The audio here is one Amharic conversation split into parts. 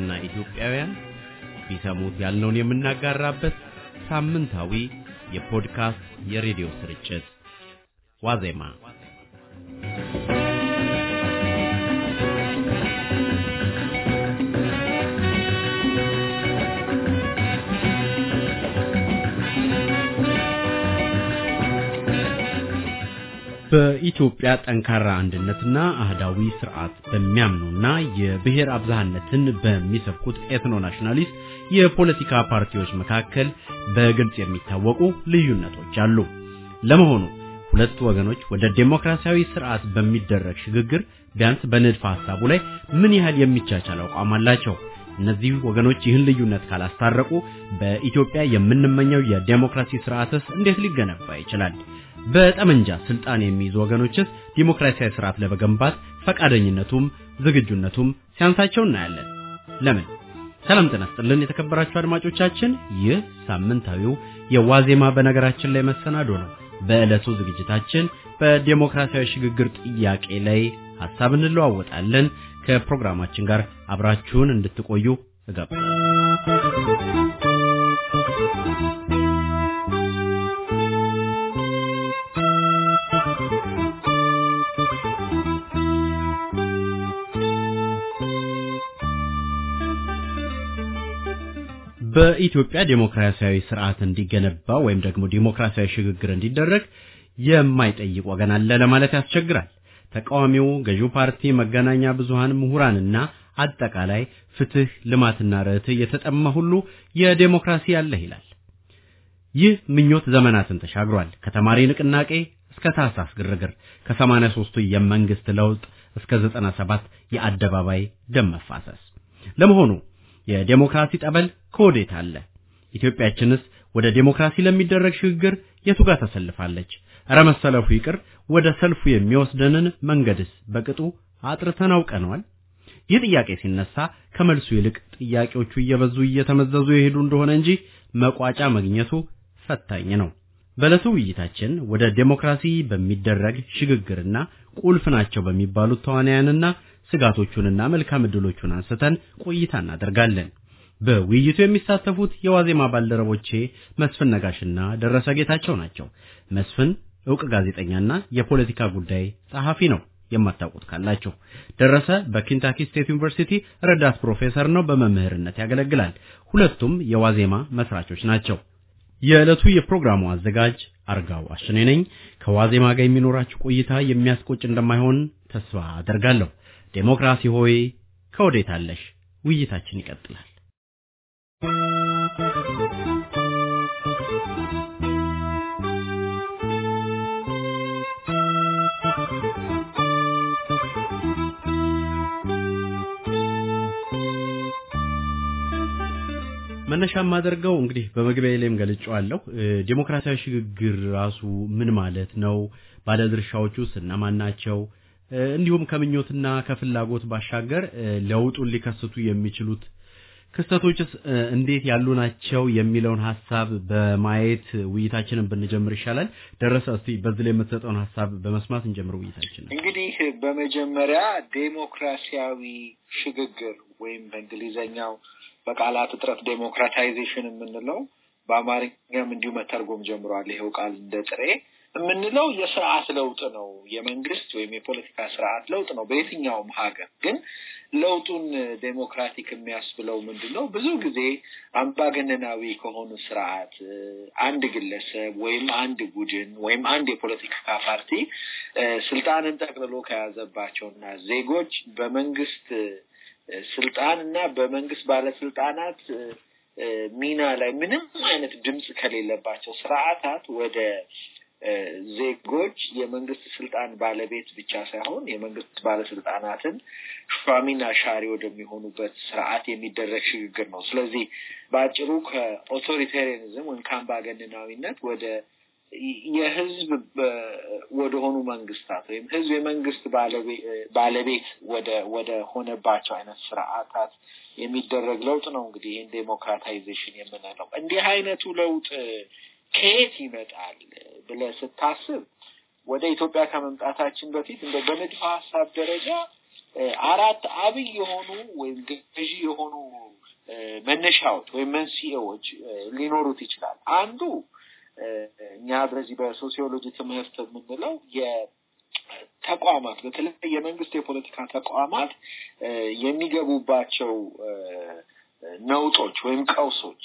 ኢትዮጵያና ኢትዮጵያውያን ቢሰሙት ያልነውን የምናጋራበት ሳምንታዊ የፖድካስት የሬዲዮ ስርጭት ዋዜማ በኢትዮጵያ ጠንካራ አንድነትና አህዳዊ ስርዓት በሚያምኑና የብሔር አብዛነትን በሚሰብኩት ኤትኖ ናሽናሊስት የፖለቲካ ፓርቲዎች መካከል በግልጽ የሚታወቁ ልዩነቶች አሉ። ለመሆኑ ሁለት ወገኖች ወደ ዴሞክራሲያዊ ስርዓት በሚደረግ ሽግግር ቢያንስ በንድፈ ሐሳቡ ላይ ምን ያህል የሚቻቻል አቋም አላቸው? እነዚህ ወገኖች ይህን ልዩነት ካላስታረቁ በኢትዮጵያ የምንመኘው የዴሞክራሲ ስርዓትስ እንዴት ሊገነባ ይችላል? በጠመንጃ ስልጣን የሚይዙ ወገኖችስ ዲሞክራሲያዊ ስርዓት ለመገንባት ፈቃደኝነቱም ዝግጁነቱም ሲያንሳቸው እናያለን። ለምን? ሰላም ተነስተልን የተከበራችሁ አድማጮቻችን፣ ይህ ሳምንታዊው የዋዜማ በነገራችን ላይ መሰናዶ ነው። በዕለቱ ዝግጅታችን በዲሞክራሲያዊ ሽግግር ጥያቄ ላይ ሀሳብ እንለዋወጣለን። ከፕሮግራማችን ጋር አብራችሁን እንድትቆዩ እጋብዛለሁ። በኢትዮጵያ ዴሞክራሲያዊ ስርዓት እንዲገነባ ወይም ደግሞ ዴሞክራሲያዊ ሽግግር እንዲደረግ የማይጠይቅ ወገን አለ ለማለት ያስቸግራል። ተቃዋሚው፣ ገዢው ፓርቲ፣ መገናኛ ብዙሃን፣ ምሁራንና አጠቃላይ ፍትህ፣ ልማትና ርትዕ የተጠማ ሁሉ የዴሞክራሲ አለ ይላል። ይህ ምኞት ዘመናትን ተሻግሯል። ከተማሪ ንቅናቄ እስከ ታህሳስ ግርግር፣ ከ83ቱ የመንግስት ለውጥ እስከ 97 የአደባባይ ደም መፋሰስ። ለመሆኑ የዴሞክራሲ ጠበል ከወዴት አለ? ኢትዮጵያችንስ ወደ ዴሞክራሲ ለሚደረግ ሽግግር የቱ ጋር ተሰልፋለች? እረ መሰለፉ ይቅር፣ ወደ ሰልፉ የሚወስደንን መንገድስ በቅጡ አጥርተን አውቀነዋል? ይህ ጥያቄ ሲነሳ ከመልሱ ይልቅ ጥያቄዎቹ እየበዙ እየተመዘዙ የሄዱ እንደሆነ እንጂ መቋጫ ማግኘቱ ፈታኝ ነው። በዕለቱ ውይይታችን ወደ ዴሞክራሲ በሚደረግ ሽግግርና ቁልፍ ናቸው በሚባሉት ተዋናያንና ስጋቶቹንና መልካም እድሎቹን አንስተን ቆይታ እናደርጋለን። በውይይቱ የሚሳተፉት የዋዜማ ባልደረቦቼ መስፍን ነጋሽና ደረሰ ጌታቸው ናቸው። መስፍን እውቅ ጋዜጠኛና የፖለቲካ ጉዳይ ጸሐፊ ነው፣ የማታውቁት ካላችሁ። ደረሰ በኬንታኪ ስቴት ዩኒቨርሲቲ ረዳት ፕሮፌሰር ነው፣ በመምህርነት ያገለግላል። ሁለቱም የዋዜማ መስራቾች ናቸው። የዕለቱ የፕሮግራሙ አዘጋጅ አርጋው አሽኔ ነኝ። ከዋዜማ ጋር የሚኖራችሁ ቆይታ የሚያስቆጭ እንደማይሆን ተስፋ አደርጋለሁ። ዴሞክራሲ ሆይ ከወዴት አለሽ? ውይይታችን ይቀጥላል። መነሻ የማደርገው እንግዲህ በመግቢያ ላይም ገልጬዋለሁ። ዴሞክራሲያዊ ሽግግር ራሱ ምን ማለት ነው? ባለድርሻዎቹስ እነማን ናቸው? እንዲሁም ከምኞትና ከፍላጎት ባሻገር ለውጡን ሊከስቱ የሚችሉት ክስተቶችስ እንዴት ያሉ ናቸው የሚለውን ሀሳብ በማየት ውይይታችንን ብንጀምር ይሻላል። ደረሰ፣ እስቲ በዚህ ላይ የምትሰጠውን ሀሳብ በመስማት እንጀምር ውይይታችንን። እንግዲህ በመጀመሪያ ዴሞክራሲያዊ ሽግግር ወይም በእንግሊዘኛው በቃላት እጥረት ዴሞክራታይዜሽን የምንለው በአማርኛም እንዲሁ መተርጎም ጀምሯል ይሄው ቃል እንደ ጥሬ የምንለው የስርዓት ለውጥ ነው። የመንግስት ወይም የፖለቲካ ስርዓት ለውጥ ነው በየትኛውም ሀገር። ግን ለውጡን ዴሞክራቲክ የሚያስብለው ምንድን ነው? ብዙ ጊዜ አምባገነናዊ ከሆኑ ስርዓት አንድ ግለሰብ ወይም አንድ ቡድን ወይም አንድ የፖለቲካ ፓርቲ ስልጣንን ጠቅልሎ ከያዘባቸውና ዜጎች በመንግስት ስልጣን እና በመንግስት ባለስልጣናት ሚና ላይ ምንም አይነት ድምፅ ከሌለባቸው ስርዓታት ወደ ዜጎች የመንግስት ስልጣን ባለቤት ብቻ ሳይሆን የመንግስት ባለስልጣናትን ሿሚና ሻሪ ወደሚሆኑበት ስርዓት የሚደረግ ሽግግር ነው። ስለዚህ በአጭሩ ከኦቶሪታሪያኒዝም ወይም ከአምባገነናዊነት ወደ የህዝብ ወደሆኑ መንግስታት ወይም ህዝብ የመንግስት ባለቤት ወደ ሆነባቸው አይነት ስርዓታት የሚደረግ ለውጥ ነው። እንግዲህ ይህን ዴሞክራታይዜሽን የምንለው እንዲህ አይነቱ ለውጥ ከየት ይመጣል? ብለህ ስታስብ ወደ ኢትዮጵያ ከመምጣታችን በፊት እንደ በንድፈ ሀሳብ ደረጃ አራት አብይ የሆኑ ወይም ገዢ የሆኑ መነሻዎች ወይም መንስኤዎች ሊኖሩት ይችላል። አንዱ እኛ በዚህ በሶሲዮሎጂ ትምህርት የምንለው ተቋማት በተለይ የመንግስት የፖለቲካ ተቋማት የሚገቡባቸው ነውጦች ወይም ቀውሶች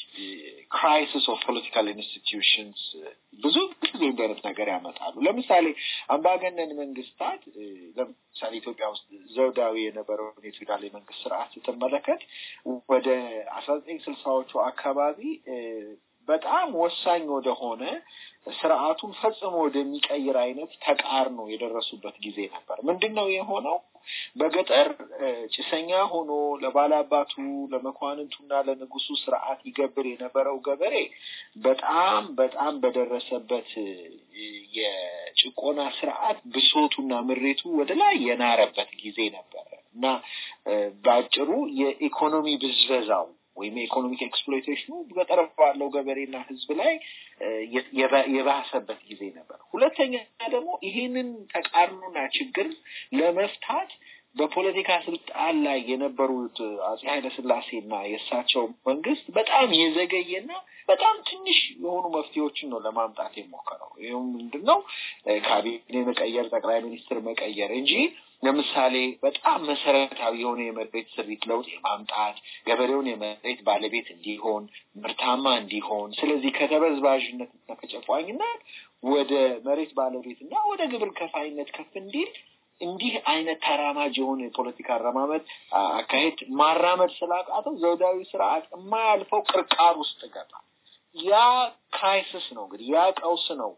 ክራይሲስ ኦፍ ፖለቲካል ኢንስቲትዩሽንስ ብዙ ጊዜ አይነት ነገር ያመጣሉ። ለምሳሌ አምባገነን መንግስታት ለምሳሌ ኢትዮጵያ ውስጥ ዘውዳዊ የነበረውን የፊውዳል የመንግስት ስርዓት ስትመለከት ወደ አስራ ዘጠኝ ስልሳዎቹ አካባቢ በጣም ወሳኝ ወደሆነ ስርዓቱን ፈጽሞ ወደሚቀይር አይነት ተቃርኖ የደረሱበት ጊዜ ነበር። ምንድን ነው የሆነው? በገጠር ጭሰኛ ሆኖ ለባላባቱ ለመኳንንቱና ለንጉሱ ስርዓት ይገብር የነበረው ገበሬ በጣም በጣም በደረሰበት የጭቆና ስርዓት ብሶቱና ምሬቱ ወደ ላይ የናረበት ጊዜ ነበረ እና በአጭሩ የኢኮኖሚ ብዝበዛው ወይም የኢኮኖሚክ ኤክስፕሎይቴሽኑ በገጠር ባለው ገበሬና ህዝብ ላይ የባሰበት ጊዜ ነበር። ሁለተኛ ደግሞ ይህንን ተቃርኖና ችግር ለመፍታት በፖለቲካ ስልጣን ላይ የነበሩት አጼ ኃይለስላሴና የእሳቸው መንግስት በጣም የዘገየና በጣም ትንሽ የሆኑ መፍትሄዎችን ነው ለማምጣት የሞከረው። ይህም ምንድን ነው? ካቢኔ መቀየር፣ ጠቅላይ ሚኒስትር መቀየር እንጂ ለምሳሌ በጣም መሰረታዊ የሆነ የመሬት ስሪት ለውጥ የማምጣት ገበሬውን የመሬት ባለቤት እንዲሆን ምርታማ እንዲሆን፣ ስለዚህ እና ከጨቋኝነት ወደ መሬት ባለቤትና ወደ ግብር ከፋይነት ከፍ እንዲል እንዲህ አይነት ተራማጅ የሆነ የፖለቲካ አረማመድ አካሄድ ማራመድ ስላቃተው ዘውዳዊ ስርዓት የማያልፈው ቅርቃር ውስጥ ገባ። ያ ክራይሲስ ነው እንግዲህ ያ ቀውስ ነው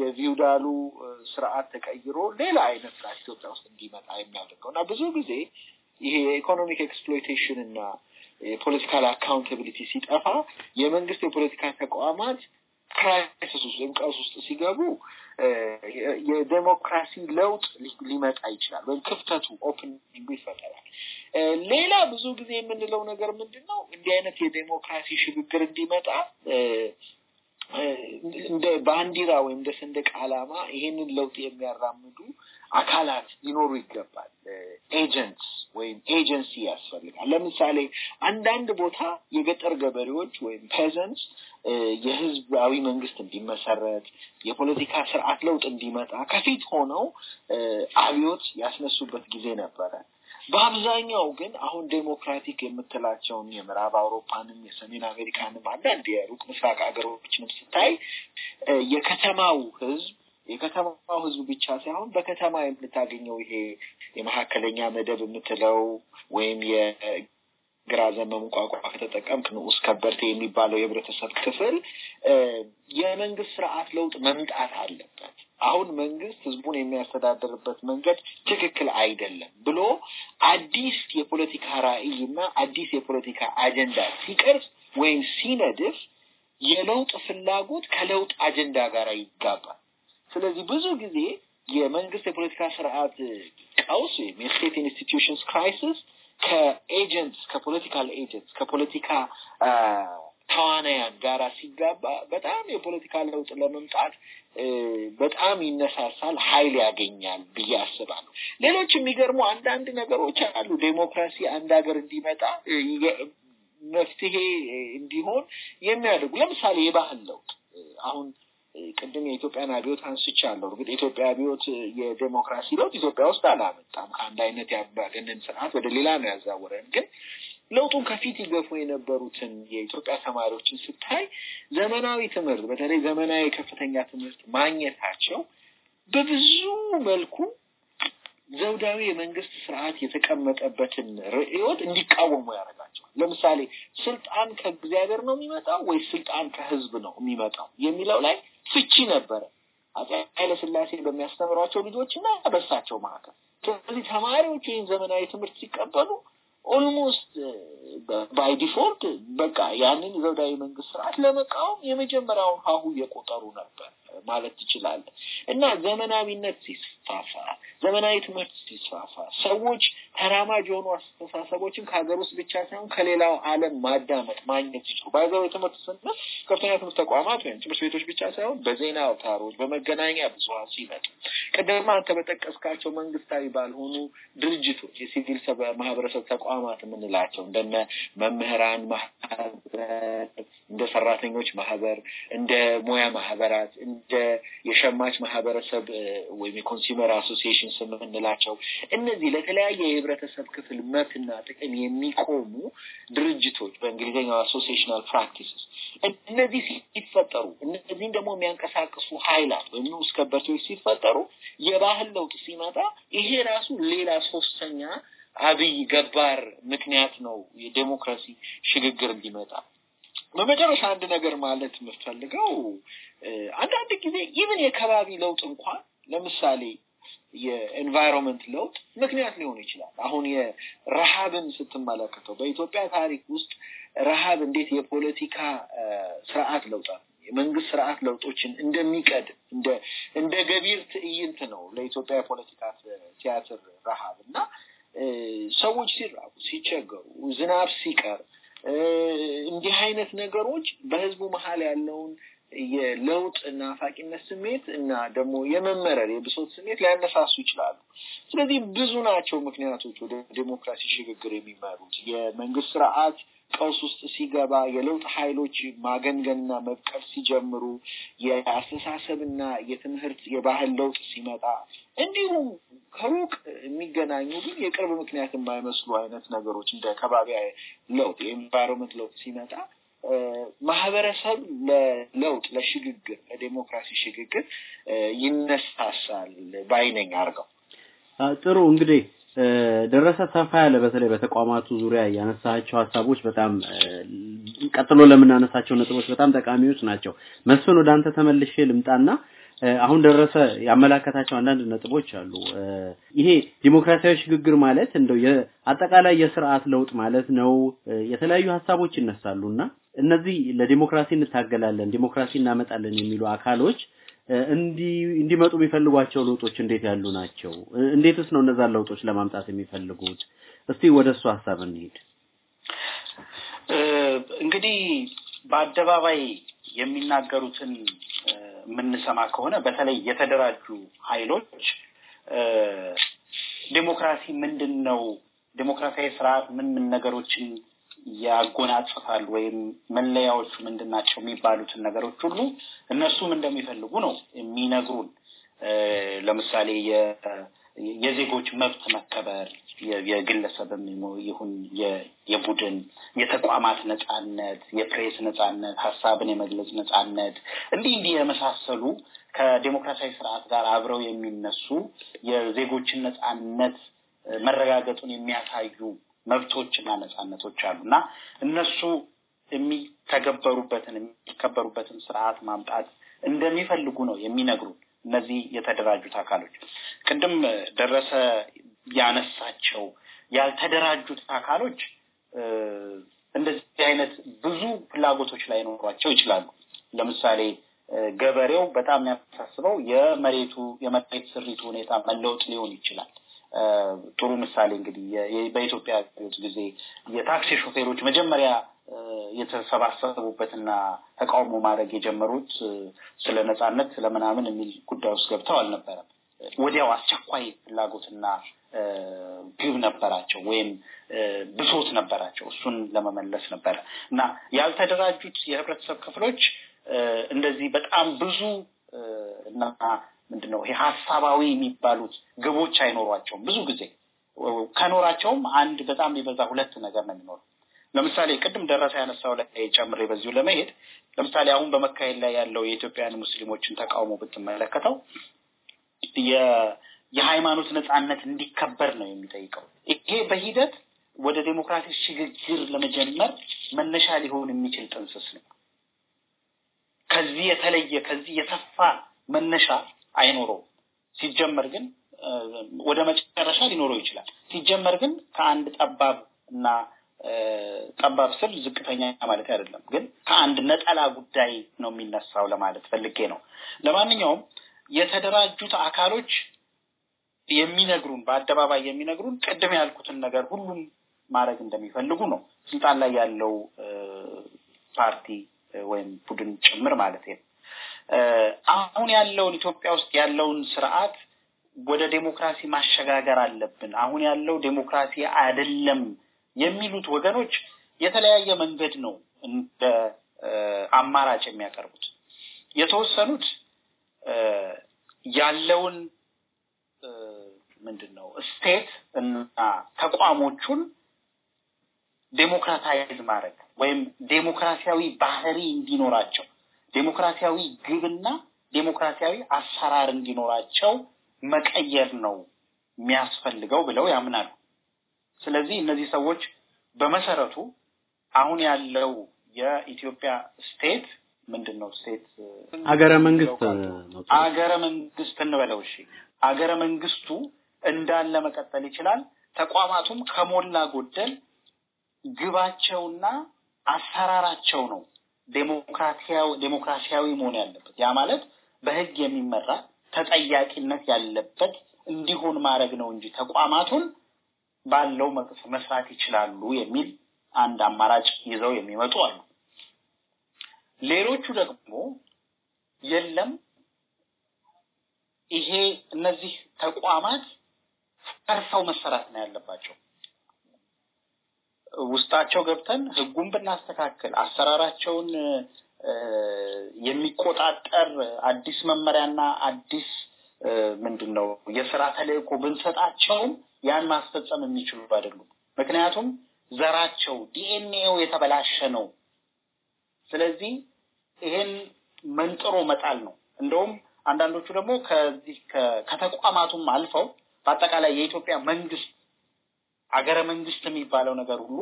የቪውዳሉ ስርዓት ተቀይሮ ሌላ አይነት ስርዓት ኢትዮጵያ ውስጥ እንዲመጣ የሚያደርገው እና ብዙ ጊዜ ይሄ የኢኮኖሚክ ኤክስፕሎይቴሽን እና የፖለቲካል አካውንታብሊቲ ሲጠፋ የመንግስት የፖለቲካ ተቋማት ክራይሲስ ውስጥ ወይም ቀውስ ውስጥ ሲገቡ የዴሞክራሲ ለውጥ ሊመጣ ይችላል፣ ወይም ክፍተቱ ኦፕኒንግ ይፈጠራል። ሌላ ብዙ ጊዜ የምንለው ነገር ምንድን ነው? እንዲህ አይነት የዴሞክራሲ ሽግግር እንዲመጣ እንደ ባንዲራ ወይም እንደ ሰንደቅ ዓላማ ይሄንን ለውጥ የሚያራምዱ አካላት ሊኖሩ ይገባል። ኤጀንትስ ወይም ኤጀንሲ ያስፈልጋል። ለምሳሌ አንዳንድ ቦታ የገጠር ገበሬዎች ወይም ፔዘንትስ የህዝባዊ መንግስት እንዲመሰረት የፖለቲካ ስርዓት ለውጥ እንዲመጣ ከፊት ሆነው አብዮት ያስነሱበት ጊዜ ነበረ። በአብዛኛው ግን አሁን ዴሞክራቲክ የምትላቸውን የምዕራብ አውሮፓንም የሰሜን አሜሪካንም አንዳንድ የሩቅ ምስራቅ ሀገሮችንም ስታይ የከተማው ህዝብ የከተማው ህዝብ ብቻ ሳይሆን በከተማ የምታገኘው ይሄ የመካከለኛ መደብ የምትለው ወይም ግራ ዘመሙ ቋንቋ ከተጠቀምክ ንዑስ ከበርቴ የሚባለው የህብረተሰብ ክፍል የመንግስት ስርዓት ለውጥ መምጣት አለበት። አሁን መንግስት ህዝቡን የሚያስተዳድርበት መንገድ ትክክል አይደለም ብሎ አዲስ የፖለቲካ ራዕይ እና አዲስ የፖለቲካ አጀንዳ ሲቀርጽ ወይም ሲነድፍ የለውጥ ፍላጎት ከለውጥ አጀንዳ ጋር ይጋባል። ስለዚህ ብዙ ጊዜ የመንግስት የፖለቲካ ስርዓት ቀውስ ወይም የስቴት ኢንስቲትዩሽንስ ክራይሲስ ከኤጀንትስ ከፖለቲካል ኤጀንትስ ከፖለቲካ ተዋናያን ጋራ ሲጋባ በጣም የፖለቲካ ለውጥ ለመምጣት በጣም ይነሳሳል፣ ኃይል ያገኛል ብዬ አስባለሁ። ሌሎች የሚገርሙ አንዳንድ ነገሮች አሉ። ዴሞክራሲ አንድ ሀገር እንዲመጣ መፍትሄ እንዲሆን የሚያደርጉ ለምሳሌ የባህል ለውጥ አሁን ቅድም የኢትዮጵያን አብዮት አንስቻለሁ። እርግጥ የኢትዮጵያ አብዮት የዴሞክራሲ ለውጥ ኢትዮጵያ ውስጥ አላመጣም። ከአንድ አይነት የአምባገነን ስርዓት ወደ ሌላ ነው ያዛወረን። ግን ለውጡን ከፊት ይገፉ የነበሩትን የኢትዮጵያ ተማሪዎችን ስታይ ዘመናዊ ትምህርት፣ በተለይ ዘመናዊ ከፍተኛ ትምህርት ማግኘታቸው በብዙ መልኩ ዘውዳዊ የመንግስት ስርዓት የተቀመጠበትን ርዕዮት እንዲቃወሙ ያደርጋቸዋል። ለምሳሌ ስልጣን ከእግዚአብሔር ነው የሚመጣው ወይስ ስልጣን ከህዝብ ነው የሚመጣው የሚለው ላይ ፍቺ ነበረ አጼ ስላሴ በሚያስተምሯቸው ልጆች እና በሳቸው መካከል። ስለዚህ ተማሪዎች ይህን ዘመናዊ ትምህርት ሲቀበሉ ኦልሞስት ባይ ዲፎልት በቃ ያንን ዘውዳዊ መንግስት ስርዓት ለመቃወም የመጀመሪያውን ሀሁ እየቆጠሩ ነበር። ማለት ትችላለ እና ዘመናዊነት ሲስፋፋ፣ ዘመናዊ ትምህርት ሲስፋፋ ሰዎች ተራማጅ የሆኑ አስተሳሰቦችን ከሀገር ውስጥ ብቻ ሳይሆን ከሌላው ዓለም ማዳመጥ ማግኘት ይችሉ። በሀገራዊ ትምህርት ስንል ከፍተኛ ትምህርት ተቋማት ወይም ትምህርት ቤቶች ብቻ ሳይሆን በዜና አውታሮች፣ በመገናኛ ብዙኃን ሲመጡ ቅድም አንተ በጠቀስካቸው መንግስታዊ ባልሆኑ ድርጅቶች የሲቪል ማህበረሰብ ተቋማት የምንላቸው እንደነ መምህራን ማህበር፣ እንደ ሰራተኞች ማህበር፣ እንደ ሙያ ማህበራት እንደ የሸማች ማህበረሰብ ወይም የኮንሱመር አሶሲሽን የምንላቸው እነዚህ ለተለያየ የህብረተሰብ ክፍል መብትና ጥቅም የሚቆሙ ድርጅቶች በእንግሊዝኛው አሶሲሽናል ፕራክቲስስ እነዚህ ሲፈጠሩ እነዚህን ደግሞ የሚያንቀሳቅሱ ሀይላት ወይም ንዑስ ከበርቴዎች ሲፈጠሩ የባህል ለውጥ ሲመጣ ይሄ ራሱ ሌላ ሶስተኛ አብይ ገባር ምክንያት ነው የዴሞክራሲ ሽግግር እንዲመጣ። በመጨረሻ አንድ ነገር ማለት የምፈልገው አንዳንድ ጊዜ ይብን የከባቢ ለውጥ እንኳን ለምሳሌ የኤንቫይሮንመንት ለውጥ ምክንያት ሊሆን ይችላል። አሁን የረሃብን ስትመለከተው በኢትዮጵያ ታሪክ ውስጥ ረሃብ እንዴት የፖለቲካ ስርዓት ለውጣ የመንግስት ስርዓት ለውጦችን እንደሚቀድም እንደ ገቢር ትዕይንት ነው ለኢትዮጵያ የፖለቲካ ቲያትር ረሃብ እና ሰዎች ሲራቡ፣ ሲቸገሩ፣ ዝናብ ሲቀር እንዲህ አይነት ነገሮች በህዝቡ መሀል ያለውን የለውጥ ናፋቂነት ስሜት እና ደግሞ የመመረር የብሶት ስሜት ሊያነሳሱ ይችላሉ። ስለዚህ ብዙ ናቸው ምክንያቶች ወደ ዴሞክራሲ ሽግግር የሚመሩት የመንግስት ስርዓት ቀውስ ውስጥ ሲገባ የለውጥ ኃይሎች ማገንገንና መብቀል ሲጀምሩ፣ የአስተሳሰብና የትምህርት የባህል ለውጥ ሲመጣ፣ እንዲሁም ከሩቅ የሚገናኙ ግን የቅርብ ምክንያት የማይመስሉ አይነት ነገሮች እንደ ከባቢ ለውጥ የኤንቫይሮንመንት ለውጥ ሲመጣ ማህበረሰብ ለለውጥ ለሽግግር ለዴሞክራሲ ሽግግር ይነሳሳል ባይነኝ አድርገው። ጥሩ እንግዲህ ደረሰ ሰፋ ያለ በተለይ በተቋማቱ ዙሪያ ያነሳቸው ሀሳቦች በጣም ቀጥሎ ለምናነሳቸው ነጥቦች በጣም ጠቃሚዎች ናቸው። መስፍን ወደ አንተ ተመልሼ ልምጣና አሁን ደረሰ ያመላከታቸው አንዳንድ ነጥቦች አሉ። ይሄ ዲሞክራሲያዊ ሽግግር ማለት እንደው አጠቃላይ የስርዓት ለውጥ ማለት ነው። የተለያዩ ሀሳቦች ይነሳሉና እነዚህ ለዲሞክራሲ እንታገላለን፣ ዲሞክራሲ እናመጣለን የሚሉ አካሎች እንዲመጡ የሚፈልጓቸው ለውጦች እንዴት ያሉ ናቸው? እንዴትስ ነው እነዛን ለውጦች ለማምጣት የሚፈልጉት? እስቲ ወደ እሱ ሀሳብ እንሄድ እንግዲህ በአደባባይ የሚናገሩትን የምንሰማ ከሆነ በተለይ የተደራጁ ኃይሎች ዴሞክራሲ ምንድን ነው፣ ዴሞክራሲያዊ ስርዓት ምን ምን ነገሮችን ያጎናጽፋል ወይም መለያዎቹ ምንድን ናቸው የሚባሉትን ነገሮች ሁሉ እነሱም እንደሚፈልጉ ነው የሚነግሩን። ለምሳሌ የዜጎች መብት መከበር፣ የግለሰብም ይሁን የቡድን የተቋማት ነጻነት፣ የፕሬስ ነጻነት፣ ሀሳብን የመግለጽ ነጻነት እንዲህ እንዲህ የመሳሰሉ ከዴሞክራሲያዊ ስርዓት ጋር አብረው የሚነሱ የዜጎችን ነጻነት መረጋገጡን የሚያሳዩ መብቶችና ነፃነቶች አሉ እና እነሱ የሚተገበሩበትን የሚከበሩበትን ስርዓት ማምጣት እንደሚፈልጉ ነው የሚነግሩ እነዚህ የተደራጁት አካሎች። ቅድም ደረሰ ያነሳቸው ያልተደራጁት አካሎች እንደዚህ አይነት ብዙ ፍላጎቶች ላይ ኖሯቸው ይችላሉ። ለምሳሌ ገበሬው በጣም የሚያሳስበው የመሬቱ የመሬት ስሪቱ ሁኔታ መለወጥ ሊሆን ይችላል። ጥሩ ምሳሌ እንግዲህ በኢትዮጵያ ጊዜ የታክሲ ሾፌሮች መጀመሪያ የተሰባሰቡበትና ተቃውሞ ማድረግ የጀመሩት ስለ ነጻነት ስለምናምን የሚል ጉዳይ ውስጥ ገብተው አልነበረም። ወዲያው አስቸኳይ ፍላጎትና ግብ ነበራቸው ወይም ብሶት ነበራቸው። እሱን ለመመለስ ነበረ እና ያልተደራጁት የህብረተሰብ ክፍሎች እንደዚህ በጣም ብዙ እና ምንድነው ይሄ ሀሳባዊ የሚባሉት ግቦች አይኖሯቸውም። ብዙ ጊዜ ከኖራቸውም አንድ በጣም የበዛ ሁለት ነገር ነው የሚኖሩ ለምሳሌ ቅድም ደረሰ ያነሳው ላይ ጨምሬ በዚሁ ለመሄድ ለምሳሌ አሁን በመካሄድ ላይ ያለው የኢትዮጵያን ሙስሊሞችን ተቃውሞ ብትመለከተው የሃይማኖት ነፃነት እንዲከበር ነው የሚጠይቀው። ይሄ በሂደት ወደ ዴሞክራሲ ሽግግር ለመጀመር መነሻ ሊሆን የሚችል ጥንስስ ነው። ከዚህ የተለየ ከዚህ የሰፋ መነሻ አይኖረውም። ሲጀመር ግን ወደ መጨረሻ ሊኖረው ይችላል። ሲጀመር ግን ከአንድ ጠባብ እና ጠባብ ስል ዝቅተኛ ማለት አይደለም፣ ግን ከአንድ ነጠላ ጉዳይ ነው የሚነሳው ለማለት ፈልጌ ነው። ለማንኛውም የተደራጁት አካሎች የሚነግሩን በአደባባይ የሚነግሩን ቅድም ያልኩትን ነገር ሁሉም ማድረግ እንደሚፈልጉ ነው። ስልጣን ላይ ያለው ፓርቲ ወይም ቡድን ጭምር ማለት ነው። አሁን ያለውን ኢትዮጵያ ውስጥ ያለውን ስርዓት ወደ ዴሞክራሲ ማሸጋገር አለብን፣ አሁን ያለው ዴሞክራሲ አይደለም የሚሉት ወገኖች የተለያየ መንገድ ነው እንደ አማራጭ የሚያቀርቡት። የተወሰኑት ያለውን ምንድን ነው ስቴት እና ተቋሞቹን ዴሞክራታይዝ ማድረግ ወይም ዴሞክራሲያዊ ባህሪ እንዲኖራቸው ዴሞክራሲያዊ ግብና ዴሞክራሲያዊ አሰራር እንዲኖራቸው መቀየር ነው የሚያስፈልገው ብለው ያምናሉ። ስለዚህ እነዚህ ሰዎች በመሰረቱ አሁን ያለው የኢትዮጵያ ስቴት ምንድን ነው? ስቴት አገረ መንግስት አገረ መንግስት እንበለው። እሺ፣ አገረ መንግስቱ እንዳለ መቀጠል ይችላል። ተቋማቱም ከሞላ ጎደል ግባቸውና አሰራራቸው ነው ዴሞክራሲያዊ መሆን ያለበት ያ ማለት በህግ የሚመራ ተጠያቂነት ያለበት እንዲሆን ማድረግ ነው እንጂ ተቋማቱን ባለው መስራት ይችላሉ የሚል አንድ አማራጭ ይዘው የሚመጡ አሉ። ሌሎቹ ደግሞ የለም ይሄ እነዚህ ተቋማት ፈርሰው መሰራት ነው ያለባቸው ውስጣቸው ገብተን ህጉን ብናስተካከል አሰራራቸውን የሚቆጣጠር አዲስ መመሪያና አዲስ ምንድን ነው የስራ ተልእኮ ብንሰጣቸውም ያን ማስፈጸም የሚችሉ አይደሉም። ምክንያቱም ዘራቸው ዲኤንኤው የተበላሸ ነው። ስለዚህ ይሄን መንጥሮ መጣል ነው። እንደውም አንዳንዶቹ ደግሞ ከዚህ ከተቋማቱም አልፈው በአጠቃላይ የኢትዮጵያ መንግስት አገረ መንግስት የሚባለው ነገር ሁሉ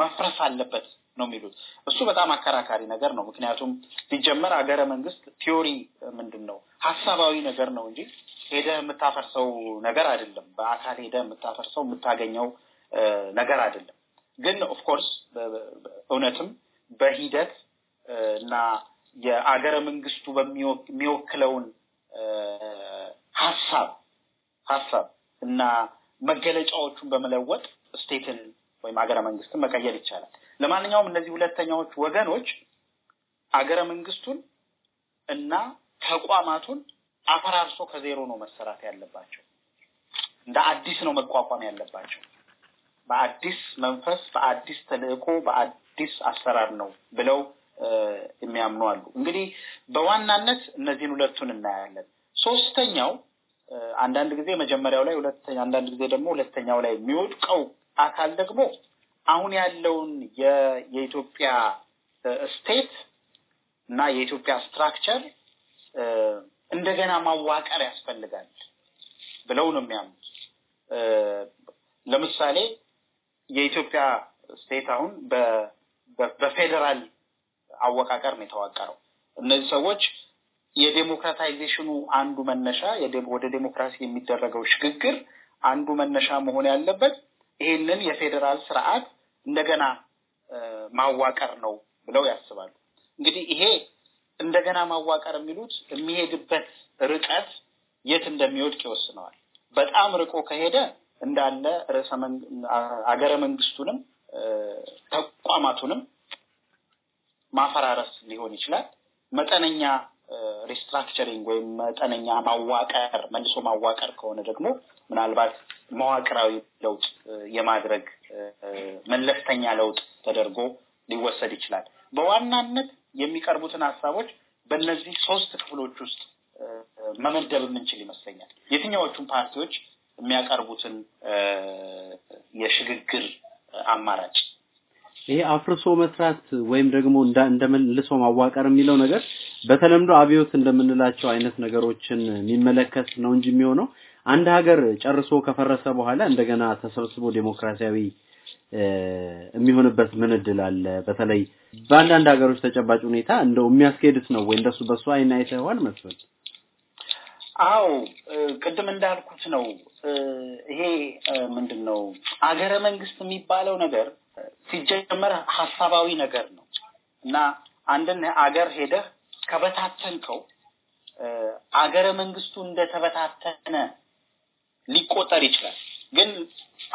መፍረስ አለበት ነው የሚሉት። እሱ በጣም አከራካሪ ነገር ነው። ምክንያቱም ሲጀመር አገረ መንግስት ቲዮሪ ምንድን ነው ሀሳባዊ ነገር ነው እንጂ ሄደህ የምታፈርሰው ነገር አይደለም። በአካል ሄደህ የምታፈርሰው የምታገኘው ነገር አይደለም። ግን ኦፍኮርስ እውነትም በሂደት እና የአገረ መንግስቱ የሚወክለውን ሀሳብ ሀሳብ እና መገለጫዎቹን በመለወጥ ስቴትን ወይም አገረ መንግስትን መቀየር ይቻላል። ለማንኛውም እነዚህ ሁለተኛዎች ወገኖች አገረ መንግስቱን እና ተቋማቱን አፈራርሶ ከዜሮ ነው መሰራት ያለባቸው። እንደ አዲስ ነው መቋቋም ያለባቸው። በአዲስ መንፈስ፣ በአዲስ ተልዕኮ፣ በአዲስ አሰራር ነው ብለው የሚያምኑ አሉ። እንግዲህ በዋናነት እነዚህን ሁለቱን እናያለን። ሶስተኛው አንዳንድ ጊዜ መጀመሪያው ላይ ሁለተኛ፣ አንዳንድ ጊዜ ደግሞ ሁለተኛው ላይ የሚወድቀው አካል ደግሞ አሁን ያለውን የኢትዮጵያ ስቴት እና የኢትዮጵያ ስትራክቸር እንደገና ማዋቀር ያስፈልጋል ብለው ነው የሚያምኑት። ለምሳሌ የኢትዮጵያ ስቴት አሁን በፌዴራል አወቃቀር ነው የተዋቀረው። እነዚህ ሰዎች የዴሞክራታይዜሽኑ አንዱ መነሻ ወደ ዴሞክራሲ የሚደረገው ሽግግር አንዱ መነሻ መሆን ያለበት ይህንን የፌዴራል ስርዓት እንደገና ማዋቀር ነው ብለው ያስባሉ። እንግዲህ ይሄ እንደገና ማዋቀር የሚሉት የሚሄድበት ርቀት የት እንደሚወድቅ ይወስነዋል። በጣም ርቆ ከሄደ እንዳለ ርዕሰ አገረ መንግስቱንም ተቋማቱንም ማፈራረስ ሊሆን ይችላል። መጠነኛ ሪስትራክቸሪንግ ወይም መጠነኛ ማዋቀር መልሶ ማዋቀር ከሆነ ደግሞ ምናልባት መዋቅራዊ ለውጥ የማድረግ መለስተኛ ለውጥ ተደርጎ ሊወሰድ ይችላል። በዋናነት የሚቀርቡትን ሀሳቦች በእነዚህ ሶስት ክፍሎች ውስጥ መመደብ የምንችል ይመስለኛል። የትኛዎቹም ፓርቲዎች የሚያቀርቡትን የሽግግር አማራጭ ይሄ አፍርሶ መስራት ወይም ደግሞ እንደ መልሶ ማዋቀር የሚለው ነገር በተለምዶ አብዮት እንደምንላቸው አይነት ነገሮችን የሚመለከት ነው እንጂ የሚሆነው አንድ ሀገር ጨርሶ ከፈረሰ በኋላ እንደገና ተሰብስቦ ዴሞክራሲያዊ የሚሆንበት ምን እድል አለ? በተለይ በአንዳንድ ሀገሮች ተጨባጭ ሁኔታ እንደው የሚያስኬድት ነው ወይ? እንደሱ በሱ አይን አይተኸዋል መሰለኝ። አዎ ቅድም እንዳልኩት ነው። ይሄ ምንድን ነው አገረ መንግስት የሚባለው ነገር ሲጀመር ሀሳባዊ ነገር ነው እና አንድን አገር ሄደህ ከበታተንከው አገረ መንግስቱ እንደተበታተነ ሊቆጠር ይችላል። ግን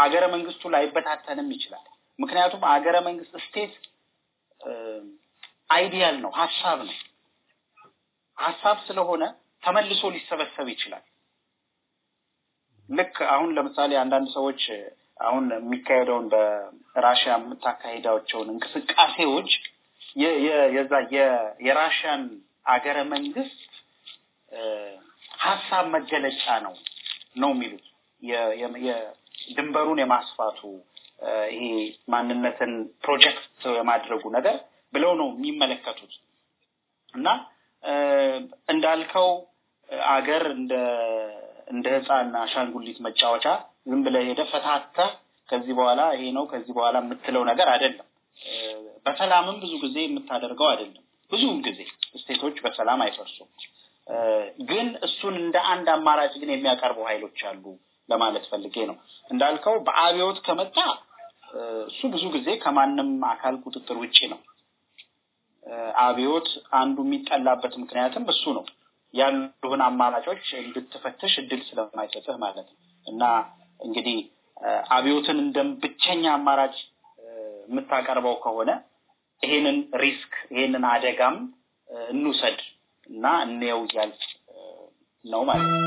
አገረ መንግስቱ ላይበታተንም ይችላል። ምክንያቱም አገረ መንግስት ስቴት አይዲያል ነው፣ ሀሳብ ነው። ሀሳብ ስለሆነ ተመልሶ ሊሰበሰብ ይችላል። ልክ አሁን ለምሳሌ አንዳንድ ሰዎች አሁን የሚካሄደውን በራሽያ የምታካሄዳቸውን እንቅስቃሴዎች የዛ የራሽያን አገረ መንግስት ሀሳብ መገለጫ ነው ነው የሚሉት ድንበሩን የማስፋቱ ይሄ ማንነትን ፕሮጀክት የማድረጉ ነገር ብለው ነው የሚመለከቱት እና እንዳልከው አገር እንደ እንደ ህፃን አሻንጉሊት መጫወቻ ዝም ብለ ሄደ ፈታተ ከዚህ በኋላ ይሄ ነው ከዚህ በኋላ የምትለው ነገር አይደለም። በሰላምም ብዙ ጊዜ የምታደርገው አይደለም። ብዙውን ጊዜ ስቴቶች በሰላም አይፈርሱም። ግን እሱን እንደ አንድ አማራጭ ግን የሚያቀርቡ ኃይሎች አሉ ለማለት ፈልጌ ነው። እንዳልከው በአብዮት ከመጣ እሱ ብዙ ጊዜ ከማንም አካል ቁጥጥር ውጭ ነው። አብዮት አንዱ የሚጠላበት ምክንያትም እሱ ነው። ያሉህን አማራጮች እንድትፈትሽ እድል ስለማይሰጥህ ማለት ነው እና እንግዲህ አብዮትን እንደ ብቸኛ አማራጭ የምታቀርበው ከሆነ ይሄንን ሪስክ ይሄንን አደጋም እንውሰድ እና እንየው እያል ነው ማለት ነው።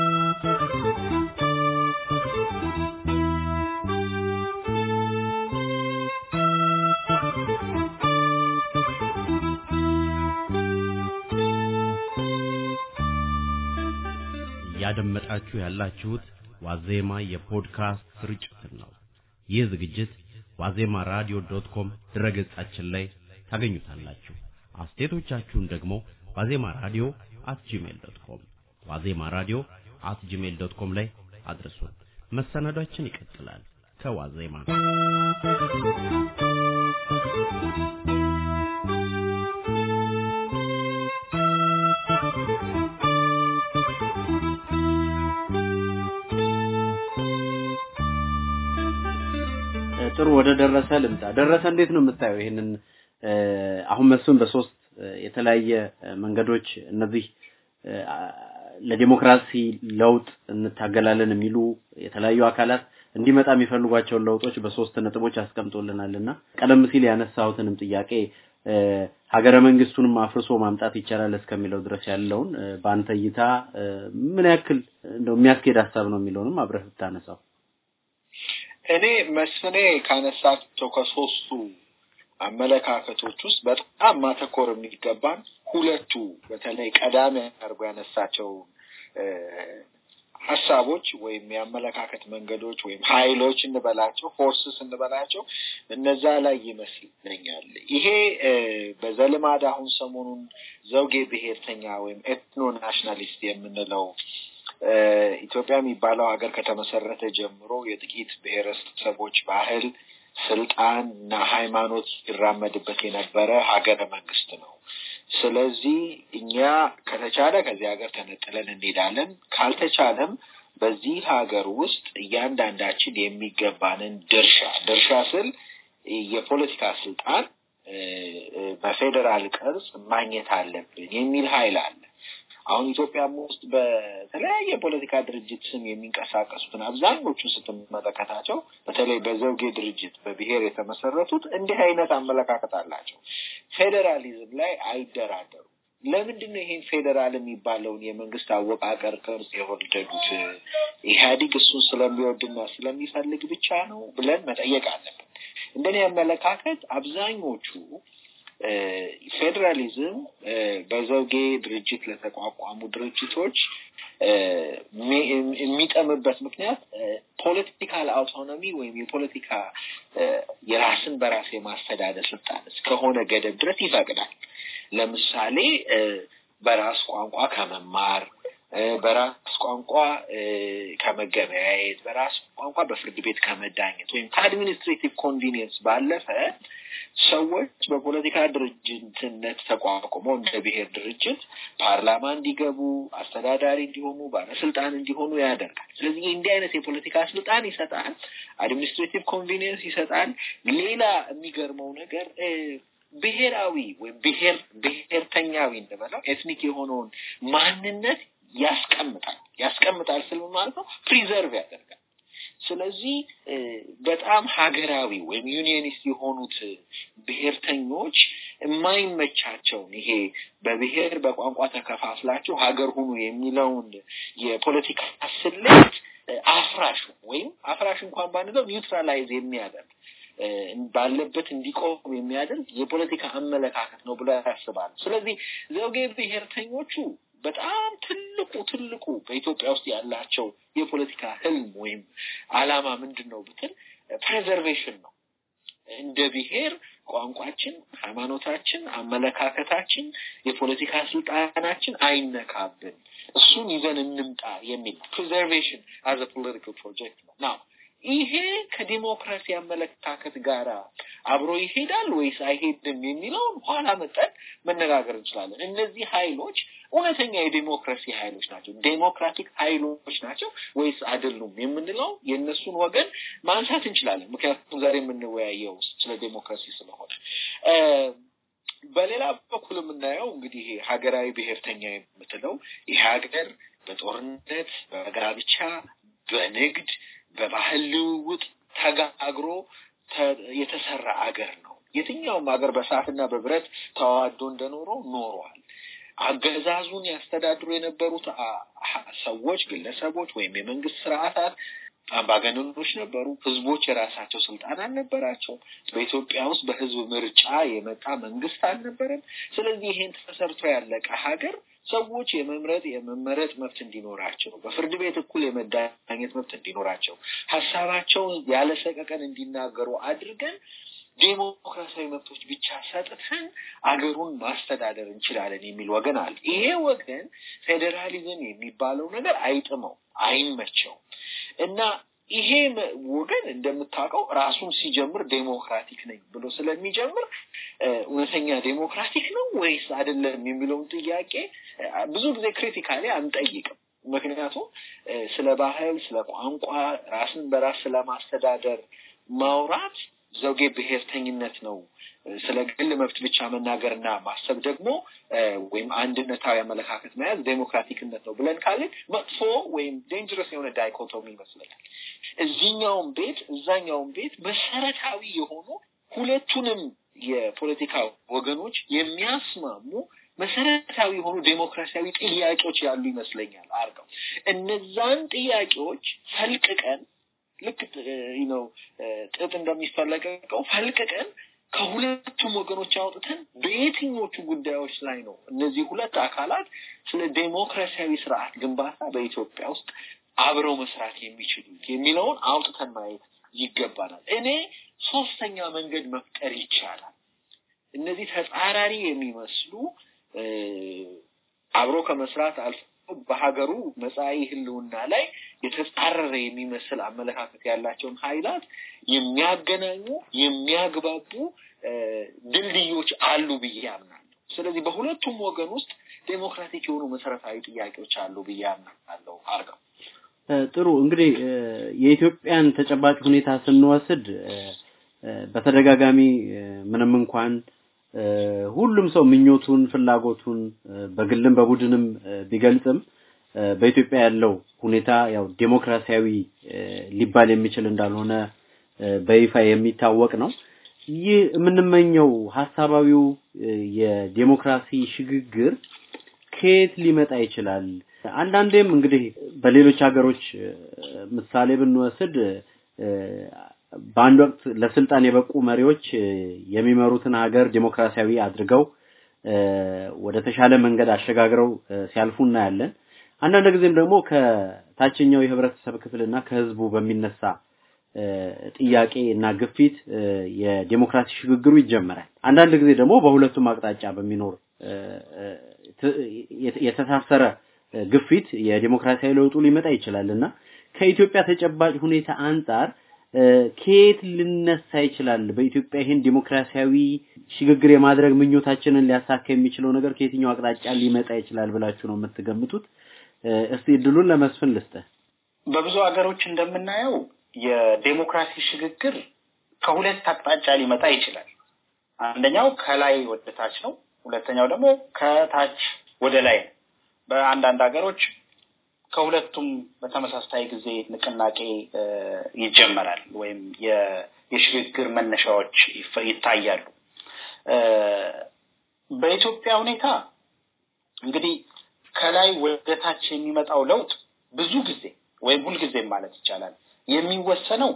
እያደመጣችሁ ያላችሁት ዋዜማ የፖድካስት ስርጭትን ነው። ይህ ዝግጅት ዋዜማ ራዲዮ ዶት ኮም ድረገጻችን ላይ ታገኙታላችሁ። አስተያየቶቻችሁን ደግሞ ዋዜማ ራዲዮ አት ጂሜል ዶት ኮም ዋዜማ ራዲዮ አት ጂሜል ዶት ኮም ላይ አድርሱ መሰናዷችን ይቀጥላል። ከዋዜማ ጥሩ ወደ ደረሰ ልምጣ። ደረሰ እንዴት ነው የምታየው ይህንን አሁን መስፍን በሶስት የተለያየ መንገዶች እነዚህ ለዲሞክራሲ ለውጥ እንታገላለን የሚሉ የተለያዩ አካላት እንዲመጣ የሚፈልጓቸውን ለውጦች በሶስት ነጥቦች አስቀምጦልናልና ቀደም ሲል ያነሳሁትንም ጥያቄ ሀገረ መንግስቱንም አፍርሶ ማምጣት ይቻላል እስከሚለው ድረስ ያለውን በአንተ እይታ ምን ያክል እንደው የሚያስኬድ ሀሳብ ነው የሚለውንም አብረህ ብታነሳው። እኔ መስፍኔ ካነሳቸው ከሶስቱ አመለካከቶች ውስጥ በጣም ማተኮር የሚገባን ሁለቱ በተለይ ቀዳሚ አድርጎ ያነሳቸው ሀሳቦች ወይም የአመለካከት መንገዶች ወይም ሀይሎች እንበላቸው ፎርስስ እንበላቸው እነዛ ላይ ይመስለኛል። ይሄ በዘልማድ አሁን ሰሞኑን ዘውጌ ብሔርተኛ ወይም ኤትኖ ናሽናሊስት የምንለው ኢትዮጵያ የሚባለው ሀገር ከተመሰረተ ጀምሮ የጥቂት ብሔረሰቦች ባህል ስልጣን እና ሃይማኖት ይራመድበት የነበረ ሀገረ መንግስት ነው። ስለዚህ እኛ ከተቻለ ከዚህ ሀገር ተነጥለን እንሄዳለን፣ ካልተቻለም በዚህ ሀገር ውስጥ እያንዳንዳችን የሚገባንን ድርሻ ድርሻ ስል የፖለቲካ ስልጣን በፌዴራል ቅርጽ ማግኘት አለብን የሚል ኃይል አለ። አሁን ኢትዮጵያም ውስጥ በተለያየ የፖለቲካ ድርጅት ስም የሚንቀሳቀሱትን አብዛኞቹን ስትመለከታቸው በተለይ በዘውጌ ድርጅት በብሔር የተመሰረቱት እንዲህ አይነት አመለካከት አላቸው። ፌዴራሊዝም ላይ አይደራደሩ ለምንድን ነው ይሄን ፌዴራል የሚባለውን የመንግስት አወቃቀር ቅርጽ የወደዱት ኢህአዲግ እሱን ስለሚወድና ስለሚፈልግ ብቻ ነው ብለን መጠየቅ አለብን። እንደኔ አመለካከት አብዛኞቹ ፌዴራሊዝም በዘውጌ ድርጅት ለተቋቋሙ ድርጅቶች የሚጠምበት ምክንያት ፖለቲካል አውቶኖሚ ወይም የፖለቲካ የራስን በራስ የማስተዳደር ስልጣን እስከሆነ ገደብ ድረስ ይፈቅዳል። ለምሳሌ በራስ ቋንቋ ከመማር፣ በራስ ቋንቋ ከመገበያየት፣ በራስ ቋንቋ በፍርድ ቤት ከመዳኘት ወይም ከአድሚኒስትሬቲቭ ኮንቪኒየንስ ባለፈ ሰዎች በፖለቲካ ድርጅትነት ተቋቁመው እንደ ብሔር ድርጅት ፓርላማ እንዲገቡ፣ አስተዳዳሪ እንዲሆኑ፣ ባለስልጣን እንዲሆኑ ያደርጋል። ስለዚህ እንዲህ አይነት የፖለቲካ ስልጣን ይሰጣል፣ አድሚኒስትሬቲቭ ኮንቪኒየንስ ይሰጣል። ሌላ የሚገርመው ነገር ብሔራዊ ወይም ብሔር ብሔርተኛዊ እንበለው ኤትኒክ የሆነውን ማንነት ያስቀምጣል። ያስቀምጣል ስል ማለት ነው ፕሪዘርቭ ያደርጋል ስለዚህ በጣም ሀገራዊ ወይም ዩኒየኒስት የሆኑት ብሔርተኞች የማይመቻቸውን ይሄ በብሔር በቋንቋ ተከፋፍላችሁ ሀገር ሁኑ የሚለውን የፖለቲካ ስሌት አፍራሽ ወይም አፍራሽ እንኳን ባንለው ኒውትራላይዝ የሚያደርግ ባለበት እንዲቆም የሚያደርግ የፖለቲካ አመለካከት ነው ብለ ያስባሉ። ስለዚህ ዘውጌ ብሔርተኞቹ በጣም ትልቁ ትልቁ በኢትዮጵያ ውስጥ ያላቸው የፖለቲካ ህልም ወይም አላማ ምንድን ነው ብትል ፕሬዘርቬሽን ነው። እንደ ብሔር ቋንቋችን፣ ሃይማኖታችን፣ አመለካከታችን፣ የፖለቲካ ስልጣናችን አይነካብን፣ እሱን ይዘን እንምጣ የሚል ፕሪዘርቬሽን አዘ ፖለቲካል ፕሮጀክት ነው። ይሄ ከዲሞክራሲ አመለካከት ጋር አብሮ ይሄዳል ወይስ አይሄድም የሚለውን ኋላ መጠን መነጋገር እንችላለን። እነዚህ ኃይሎች እውነተኛ የዲሞክራሲ ኃይሎች ናቸው፣ ዴሞክራቲክ ኃይሎች ናቸው ወይስ አይደሉም የምንለው የእነሱን ወገን ማንሳት እንችላለን። ምክንያቱም ዛሬ የምንወያየው ስለ ዴሞክራሲ ስለሆነ በሌላ በኩል የምናየው እንግዲህ ሀገራዊ ብሔርተኛ የምትለው ይህ ሀገር በጦርነት በጋብቻ በንግድ በባህል ልውውጥ ተጋግሮ የተሰራ አገር ነው። የትኛውም ሀገር በሳትና በብረት ተዋዶ እንደኖሮ ኖሯል። አገዛዙን ያስተዳድሩ የነበሩት ሰዎች፣ ግለሰቦች ወይም የመንግስት ስርዓታት አምባገነኖች ነበሩ። ህዝቦች የራሳቸው ስልጣን አልነበራቸው። በኢትዮጵያ ውስጥ በህዝብ ምርጫ የመጣ መንግስት አልነበረም። ስለዚህ ይሄን ተሰርቶ ያለቀ ሀገር ሰዎች የመምረጥ የመመረጥ መብት እንዲኖራቸው፣ በፍርድ ቤት እኩል የመዳኘት መብት እንዲኖራቸው፣ ሀሳባቸው ያለ ሰቀቀን እንዲናገሩ አድርገን ዴሞክራሲያዊ መብቶች ብቻ ሰጥተን አገሩን ማስተዳደር እንችላለን የሚል ወገን አለ። ይሄ ወገን ፌዴራሊዝም የሚባለው ነገር አይጥመው፣ አይመቸው እና ይሄ ወገን እንደምታውቀው ራሱን ሲጀምር ዴሞክራቲክ ነኝ ብሎ ስለሚጀምር እውነተኛ ዴሞክራቲክ ነው ወይስ አይደለም የሚለውን ጥያቄ ብዙ ጊዜ ክሪቲካሊ አንጠይቅም። ምክንያቱም ስለ ባህል፣ ስለ ቋንቋ፣ ራስን በራስ ስለማስተዳደር ማውራት ዘውጌ ብሔርተኝነት ነው ስለ ግል መብት ብቻ መናገርና ማሰብ ደግሞ ወይም አንድነታዊ አመለካከት መያዝ ዴሞክራቲክነት ነው ብለን ካልን መጥፎ ወይም ዴንጀረስ የሆነ ዳይኮቶሚ ይመስለናል። እዚኛውም ቤት እዛኛውም ቤት መሰረታዊ የሆኑ ሁለቱንም የፖለቲካ ወገኖች የሚያስማሙ መሰረታዊ የሆኑ ዴሞክራሲያዊ ጥያቄዎች ያሉ ይመስለኛል። አርገው እነዛን ጥያቄዎች ፈልቅቀን ልክ ነው ጥጥ እንደሚፈለቀቀው ፈልቅቀን ከሁለቱም ወገኖች አውጥተን በየትኞቹ ጉዳዮች ላይ ነው እነዚህ ሁለት አካላት ስለ ዴሞክራሲያዊ ስርዓት ግንባታ በኢትዮጵያ ውስጥ አብረው መስራት የሚችሉት የሚለውን አውጥተን ማየት ይገባናል። እኔ ሶስተኛ መንገድ መፍጠር ይቻላል። እነዚህ ተጻራሪ የሚመስሉ አብሮ ከመስራት አልፎ በሀገሩ መጻኢ ህልውና ላይ የተጻረረ የሚመስል አመለካከት ያላቸውን ኃይላት የሚያገናኙ የሚያግባቡ ድልድዮች አሉ ብዬ አምናለሁ። ስለዚህ በሁለቱም ወገን ውስጥ ዴሞክራቲክ የሆኑ መሰረታዊ ጥያቄዎች አሉ ብዬ አምናለሁ። አርገው ጥሩ እንግዲህ የኢትዮጵያን ተጨባጭ ሁኔታ ስንወስድ በተደጋጋሚ ምንም እንኳን ሁሉም ሰው ምኞቱን፣ ፍላጎቱን በግልም በቡድንም ቢገልጽም በኢትዮጵያ ያለው ሁኔታ ያው ዴሞክራሲያዊ ሊባል የሚችል እንዳልሆነ በይፋ የሚታወቅ ነው። ይህ የምንመኘው ሀሳባዊው የዴሞክራሲ ሽግግር ከየት ሊመጣ ይችላል? አንዳንዴም እንግዲህ በሌሎች ሀገሮች ምሳሌ ብንወስድ በአንድ ወቅት ለስልጣን የበቁ መሪዎች የሚመሩትን ሀገር ዴሞክራሲያዊ አድርገው ወደ ተሻለ መንገድ አሸጋግረው ሲያልፉ እናያለን። አንዳንድ ጊዜም ደግሞ ከታችኛው የህብረተሰብ ክፍልና ከህዝቡ በሚነሳ ጥያቄ እና ግፊት የዴሞክራሲ ሽግግሩ ይጀመራል። አንዳንድ ጊዜ ደግሞ በሁለቱም አቅጣጫ በሚኖር የተሳሰረ ግፊት የዴሞክራሲያዊ ለውጡ ሊመጣ ይችላል እና ከኢትዮጵያ ተጨባጭ ሁኔታ አንጻር ከየት ልነሳ ይችላል? በኢትዮጵያ ይህን ዴሞክራሲያዊ ሽግግር የማድረግ ምኞታችንን ሊያሳካ የሚችለው ነገር ከየትኛው አቅጣጫ ሊመጣ ይችላል ብላችሁ ነው የምትገምቱት? እስቲ እድሉን ለመስፍን ልስጠ በብዙ ሀገሮች እንደምናየው የዴሞክራሲ ሽግግር ከሁለት አቅጣጫ ሊመጣ ይችላል። አንደኛው ከላይ ወደ ታች ነው። ሁለተኛው ደግሞ ከታች ወደ ላይ ነው። በአንዳንድ ሀገሮች ከሁለቱም በተመሳሳይ ጊዜ ንቅናቄ ይጀመራል ወይም የሽግግር መነሻዎች ይታያሉ። በኢትዮጵያ ሁኔታ እንግዲህ ከላይ ወደታች የሚመጣው ለውጥ ብዙ ጊዜ ወይም ሁልጊዜ ማለት ይቻላል የሚወሰነው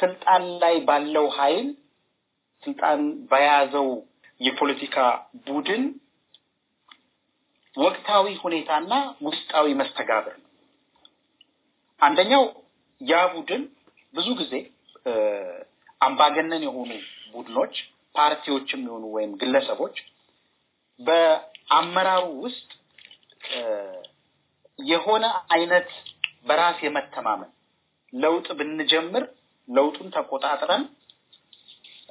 ስልጣን ላይ ባለው ኃይል ስልጣን በያዘው የፖለቲካ ቡድን ወቅታዊ ሁኔታና ውስጣዊ መስተጋብር ነው። አንደኛው ያ ቡድን ብዙ ጊዜ አምባገነን የሆኑ ቡድኖች ፓርቲዎችም የሆኑ ወይም ግለሰቦች በአመራሩ ውስጥ የሆነ አይነት በራስ የመተማመን ለውጥ ብንጀምር ለውጡን ተቆጣጥረን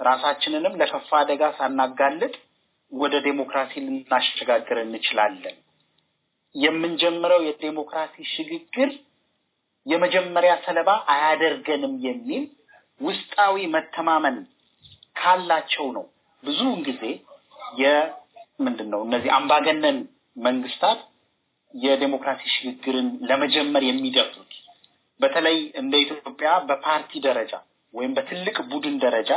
ራሳችንንም ለከፋ አደጋ ሳናጋልጥ ወደ ዴሞክራሲ ልናሸጋግር እንችላለን። የምንጀምረው የዴሞክራሲ ሽግግር የመጀመሪያ ሰለባ አያደርገንም የሚል ውስጣዊ መተማመን ካላቸው ነው ብዙውን ጊዜ የምንድን ነው እነዚህ አምባገነን መንግስታት የዴሞክራሲ ሽግግርን ለመጀመር የሚደፍሩት በተለይ እንደ ኢትዮጵያ በፓርቲ ደረጃ ወይም በትልቅ ቡድን ደረጃ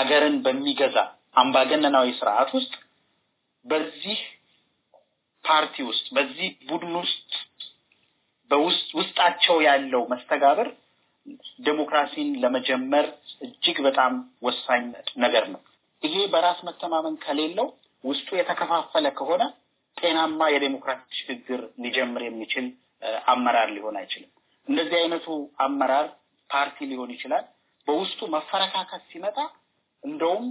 አገርን በሚገዛ አምባገነናዊ ስርዓት ውስጥ በዚህ ፓርቲ ውስጥ በዚህ ቡድን ውስጥ በውስጣቸው ያለው መስተጋብር ዴሞክራሲን ለመጀመር እጅግ በጣም ወሳኝ ነገር ነው። ይሄ በራስ መተማመን ከሌለው ውስጡ የተከፋፈለ ከሆነ ጤናማ የዴሞክራሲ ሽግግር ሊጀምር የሚችል አመራር ሊሆን አይችልም። እንደዚህ አይነቱ አመራር ፓርቲ ሊሆን ይችላል። በውስጡ መፈረካከት ሲመጣ እንደውም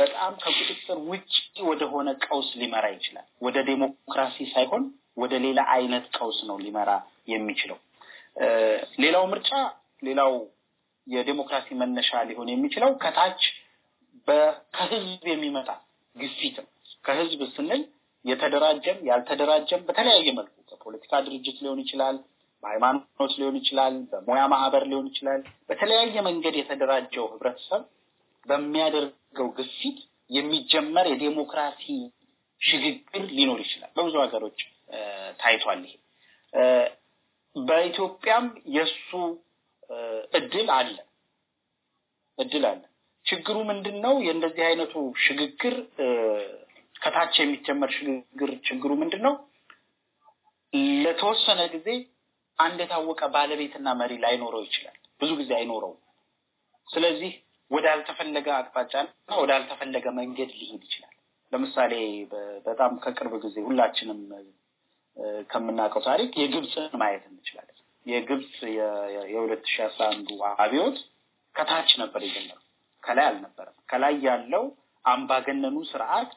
በጣም ከቁጥጥር ውጭ ወደሆነ ቀውስ ሊመራ ይችላል። ወደ ዴሞክራሲ ሳይሆን ወደ ሌላ አይነት ቀውስ ነው ሊመራ የሚችለው። ሌላው ምርጫ ሌላው የዴሞክራሲ መነሻ ሊሆን የሚችለው ከታች ከህዝብ የሚመጣ ግፊት ነው። ከህዝብ ስንል የተደራጀም ያልተደራጀም በተለያየ መልኩ በፖለቲካ ድርጅት ሊሆን ይችላል፣ በሃይማኖት ሊሆን ይችላል፣ በሙያ ማህበር ሊሆን ይችላል። በተለያየ መንገድ የተደራጀው ህብረተሰብ በሚያደርገው ግፊት የሚጀመር የዴሞክራሲ ሽግግር ሊኖር ይችላል። በብዙ ሀገሮች ታይቷል። ይሄ በኢትዮጵያም የእሱ እድል አለ እድል አለ። ችግሩ ምንድን ነው? የእንደዚህ አይነቱ ሽግግር ከታች የሚጀመር ሽግግር ችግሩ ምንድን ነው? ለተወሰነ ጊዜ አንድ የታወቀ ባለቤትና መሪ ላይኖረው ይችላል። ብዙ ጊዜ አይኖረውም። ስለዚህ ወዳልተፈለገ አቅጣጫና ወዳልተፈለገ መንገድ ሊሄድ ይችላል። ለምሳሌ በጣም ከቅርብ ጊዜ ሁላችንም ከምናውቀው ታሪክ የግብፅን ማየት እንችላለን። የግብፅ የሁለት ሺ አስራ አንዱ አብዮት ከታች ነበር የጀመረው፣ ከላይ አልነበረም። ከላይ ያለው አምባገነኑ ስርዓት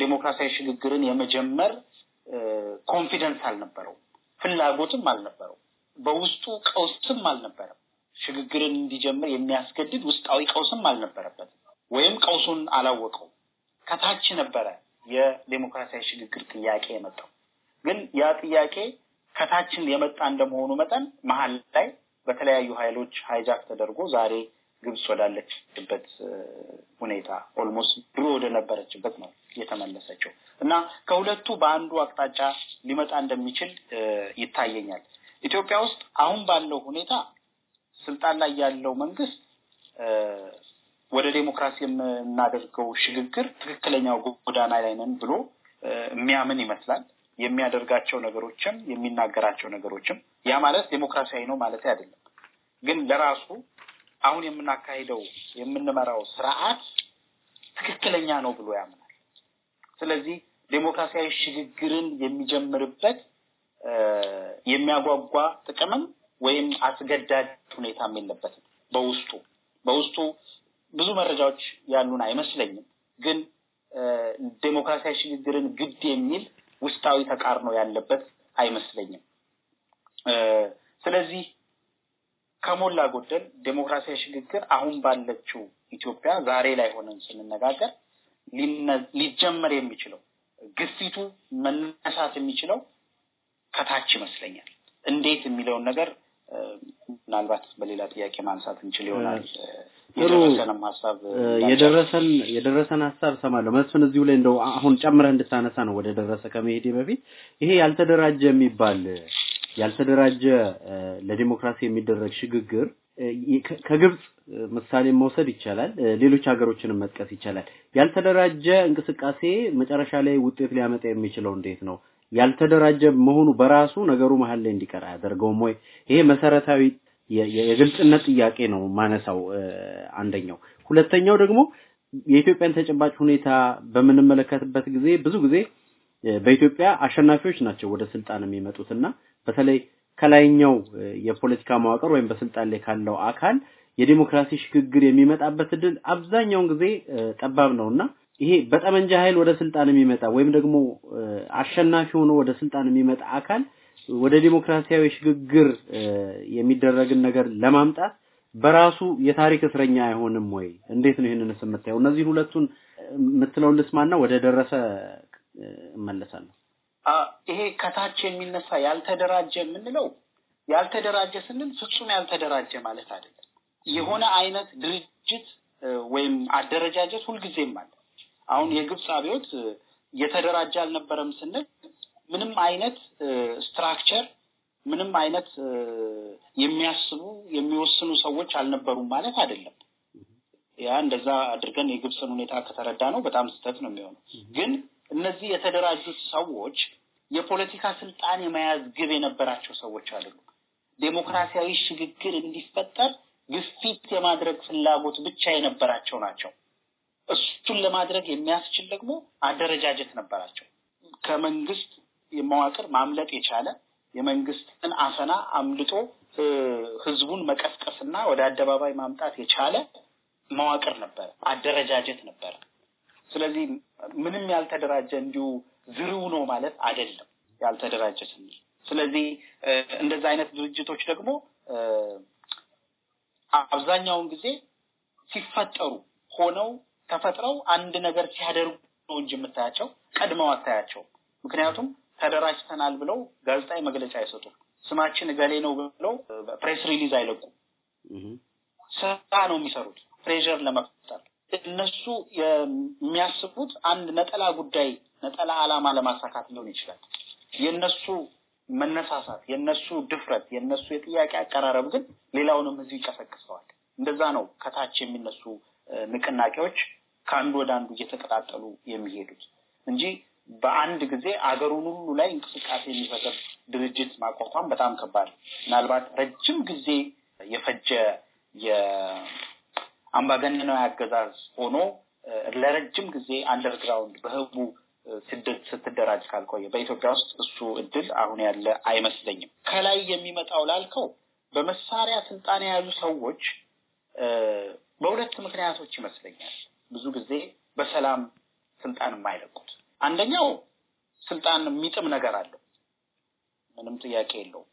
ዴሞክራሲያዊ ሽግግርን የመጀመር ኮንፊደንስ አልነበረውም፣ ፍላጎትም አልነበረው በውስጡ ቀውስም አልነበረም። ሽግግርን እንዲጀምር የሚያስገድድ ውስጣዊ ቀውስም አልነበረበትም፣ ወይም ቀውሱን አላወቀው ከታች ነበረ የዴሞክራሲያዊ ሽግግር ጥያቄ የመጣው። ግን ያ ጥያቄ ከታችን የመጣ እንደመሆኑ መጠን መሀል ላይ በተለያዩ ኃይሎች ሀይጃክ ተደርጎ ዛሬ ግብጽ ወዳለችበት ሁኔታ ኦልሞስት ድሮ ወደነበረችበት ነው የተመለሰችው እና ከሁለቱ በአንዱ አቅጣጫ ሊመጣ እንደሚችል ይታየኛል። ኢትዮጵያ ውስጥ አሁን ባለው ሁኔታ ስልጣን ላይ ያለው መንግስት ወደ ዴሞክራሲ የምናደርገው ሽግግር ትክክለኛው ጎዳና ላይ ነን ብሎ የሚያምን ይመስላል። የሚያደርጋቸው ነገሮችም የሚናገራቸው ነገሮችም ያ ማለት ዴሞክራሲያዊ ነው ማለት አይደለም። ግን ለራሱ አሁን የምናካሄደው የምንመራው ስርዓት ትክክለኛ ነው ብሎ ያምናል። ስለዚህ ዴሞክራሲያዊ ሽግግርን የሚጀምርበት የሚያጓጓ ጥቅምም ወይም አስገዳጅ ሁኔታም የለበትም። በውስጡ በውስጡ ብዙ መረጃዎች ያሉን አይመስለኝም። ግን ዴሞክራሲያዊ ሽግግርን ግድ የሚል ውስጣዊ ተቃርኖ ያለበት አይመስለኝም። ስለዚህ ከሞላ ጎደል ዴሞክራሲያዊ ሽግግር አሁን ባለችው ኢትዮጵያ ዛሬ ላይ ሆነን ስንነጋገር ሊጀመር የሚችለው ግፊቱ መነሳት የሚችለው ከታች ይመስለኛል። እንዴት የሚለውን ነገር ምናልባት በሌላ ጥያቄ ማንሳት እንችል ይሆናል። የደረሰንም ሀሳብ የደረሰን የደረሰን ሀሳብ ሰማለሁ። መስፍን እዚሁ ላይ እንደው አሁን ጨምረህ እንድታነሳ ነው ወደ ደረሰ ከመሄዴ በፊት ይሄ ያልተደራጀ የሚባል ያልተደራጀ ለዲሞክራሲ የሚደረግ ሽግግር ከግብጽ ምሳሌ መውሰድ ይቻላል። ሌሎች ሀገሮችንም መጥቀስ ይቻላል። ያልተደራጀ እንቅስቃሴ መጨረሻ ላይ ውጤት ሊያመጣ የሚችለው እንዴት ነው? ያልተደራጀ መሆኑ በራሱ ነገሩ መሀል ላይ እንዲቀር አያደርገውም ወይ? ይሄ መሰረታዊ የግልጽነት ጥያቄ ነው ማነሳው አንደኛው። ሁለተኛው ደግሞ የኢትዮጵያን ተጨባጭ ሁኔታ በምንመለከትበት ጊዜ ብዙ ጊዜ በኢትዮጵያ አሸናፊዎች ናቸው ወደ ስልጣን የሚመጡትና በተለይ ከላይኛው የፖለቲካ መዋቅር ወይም በስልጣን ላይ ካለው አካል የዲሞክራሲ ሽግግር የሚመጣበት እድል አብዛኛውን ጊዜ ጠባብ ነውና ይሄ በጠመንጃ ኃይል ወደ ስልጣን የሚመጣ ወይም ደግሞ አሸናፊ ሆኖ ወደ ስልጣን የሚመጣ አካል ወደ ዲሞክራሲያዊ ሽግግር የሚደረግን ነገር ለማምጣት በራሱ የታሪክ እስረኛ አይሆንም ወይ? እንዴት ነው ይህንን ስምታየው? እነዚህ ሁለቱን የምትለውን ልስማና ወደ ደረሰ እመለሳለሁ። ይሄ ከታች የሚነሳ ያልተደራጀ የምንለው ያልተደራጀ ስንል ፍጹም ያልተደራጀ ማለት አይደለም። የሆነ አይነት ድርጅት ወይም አደረጃጀት ሁልጊዜም አለ። አሁን የግብፅ አብዮት የተደራጀ አልነበረም ስንል ምንም አይነት ስትራክቸር ምንም አይነት የሚያስቡ የሚወስኑ ሰዎች አልነበሩም ማለት አይደለም። ያ እንደዛ አድርገን የግብፅን ሁኔታ ከተረዳ ነው በጣም ስህተት ነው የሚሆነው። ግን እነዚህ የተደራጁት ሰዎች የፖለቲካ ስልጣን የመያዝ ግብ የነበራቸው ሰዎች አይደሉም። ዴሞክራሲያዊ ሽግግር እንዲፈጠር ግፊት የማድረግ ፍላጎት ብቻ የነበራቸው ናቸው። እሱን ለማድረግ የሚያስችል ደግሞ አደረጃጀት ነበራቸው። ከመንግስት መዋቅር ማምለጥ የቻለ የመንግስትን አፈና አምልጦ ህዝቡን መቀስቀስና ወደ አደባባይ ማምጣት የቻለ መዋቅር ነበረ፣ አደረጃጀት ነበረ። ስለዚህ ምንም ያልተደራጀ እንዲሁ ዝርው ነው ማለት አይደለም ያልተደራጀ ስንል። ስለዚህ እንደዛ አይነት ድርጅቶች ደግሞ አብዛኛውን ጊዜ ሲፈጠሩ ሆነው ተፈጥረው አንድ ነገር ሲያደርጉ ነው እንጂ የምታያቸው ቀድመው አታያቸው። ምክንያቱም ተደራጅተናል ብለው ጋዜጣዊ መግለጫ አይሰጡም። ስማችን እገሌ ነው ብለው ፕሬስ ሪሊዝ አይለቁም። ስራ ነው የሚሰሩት ፕሬር ለመፍጠር እነሱ የሚያስቡት አንድ ነጠላ ጉዳይ ነጠላ ዓላማ ለማሳካት ሊሆን ይችላል። የእነሱ መነሳሳት፣ የእነሱ ድፍረት፣ የእነሱ የጥያቄ አቀራረብ ግን ሌላውንም ህዝብ ይቀሰቅሰዋል። እንደዛ ነው ከታች የሚነሱ ንቅናቄዎች ከአንዱ ወደ አንዱ እየተቀጣጠሉ የሚሄዱት እንጂ በአንድ ጊዜ አገሩን ሁሉ ላይ እንቅስቃሴ የሚፈጥር ድርጅት ማቋቋም በጣም ከባድ፣ ምናልባት ረጅም ጊዜ የፈጀ አምባገነናዊ አገዛዝ ሆኖ ለረጅም ጊዜ አንደርግራውንድ በህቡ ስትደራጅ ካልቆየ በኢትዮጵያ ውስጥ እሱ እድል አሁን ያለ አይመስለኝም። ከላይ የሚመጣው ላልከው በመሳሪያ ስልጣን የያዙ ሰዎች በሁለት ምክንያቶች ይመስለኛል ብዙ ጊዜ በሰላም ስልጣን የማይለቁት። አንደኛው ስልጣን የሚጥም ነገር አለው፣ ምንም ጥያቄ የለው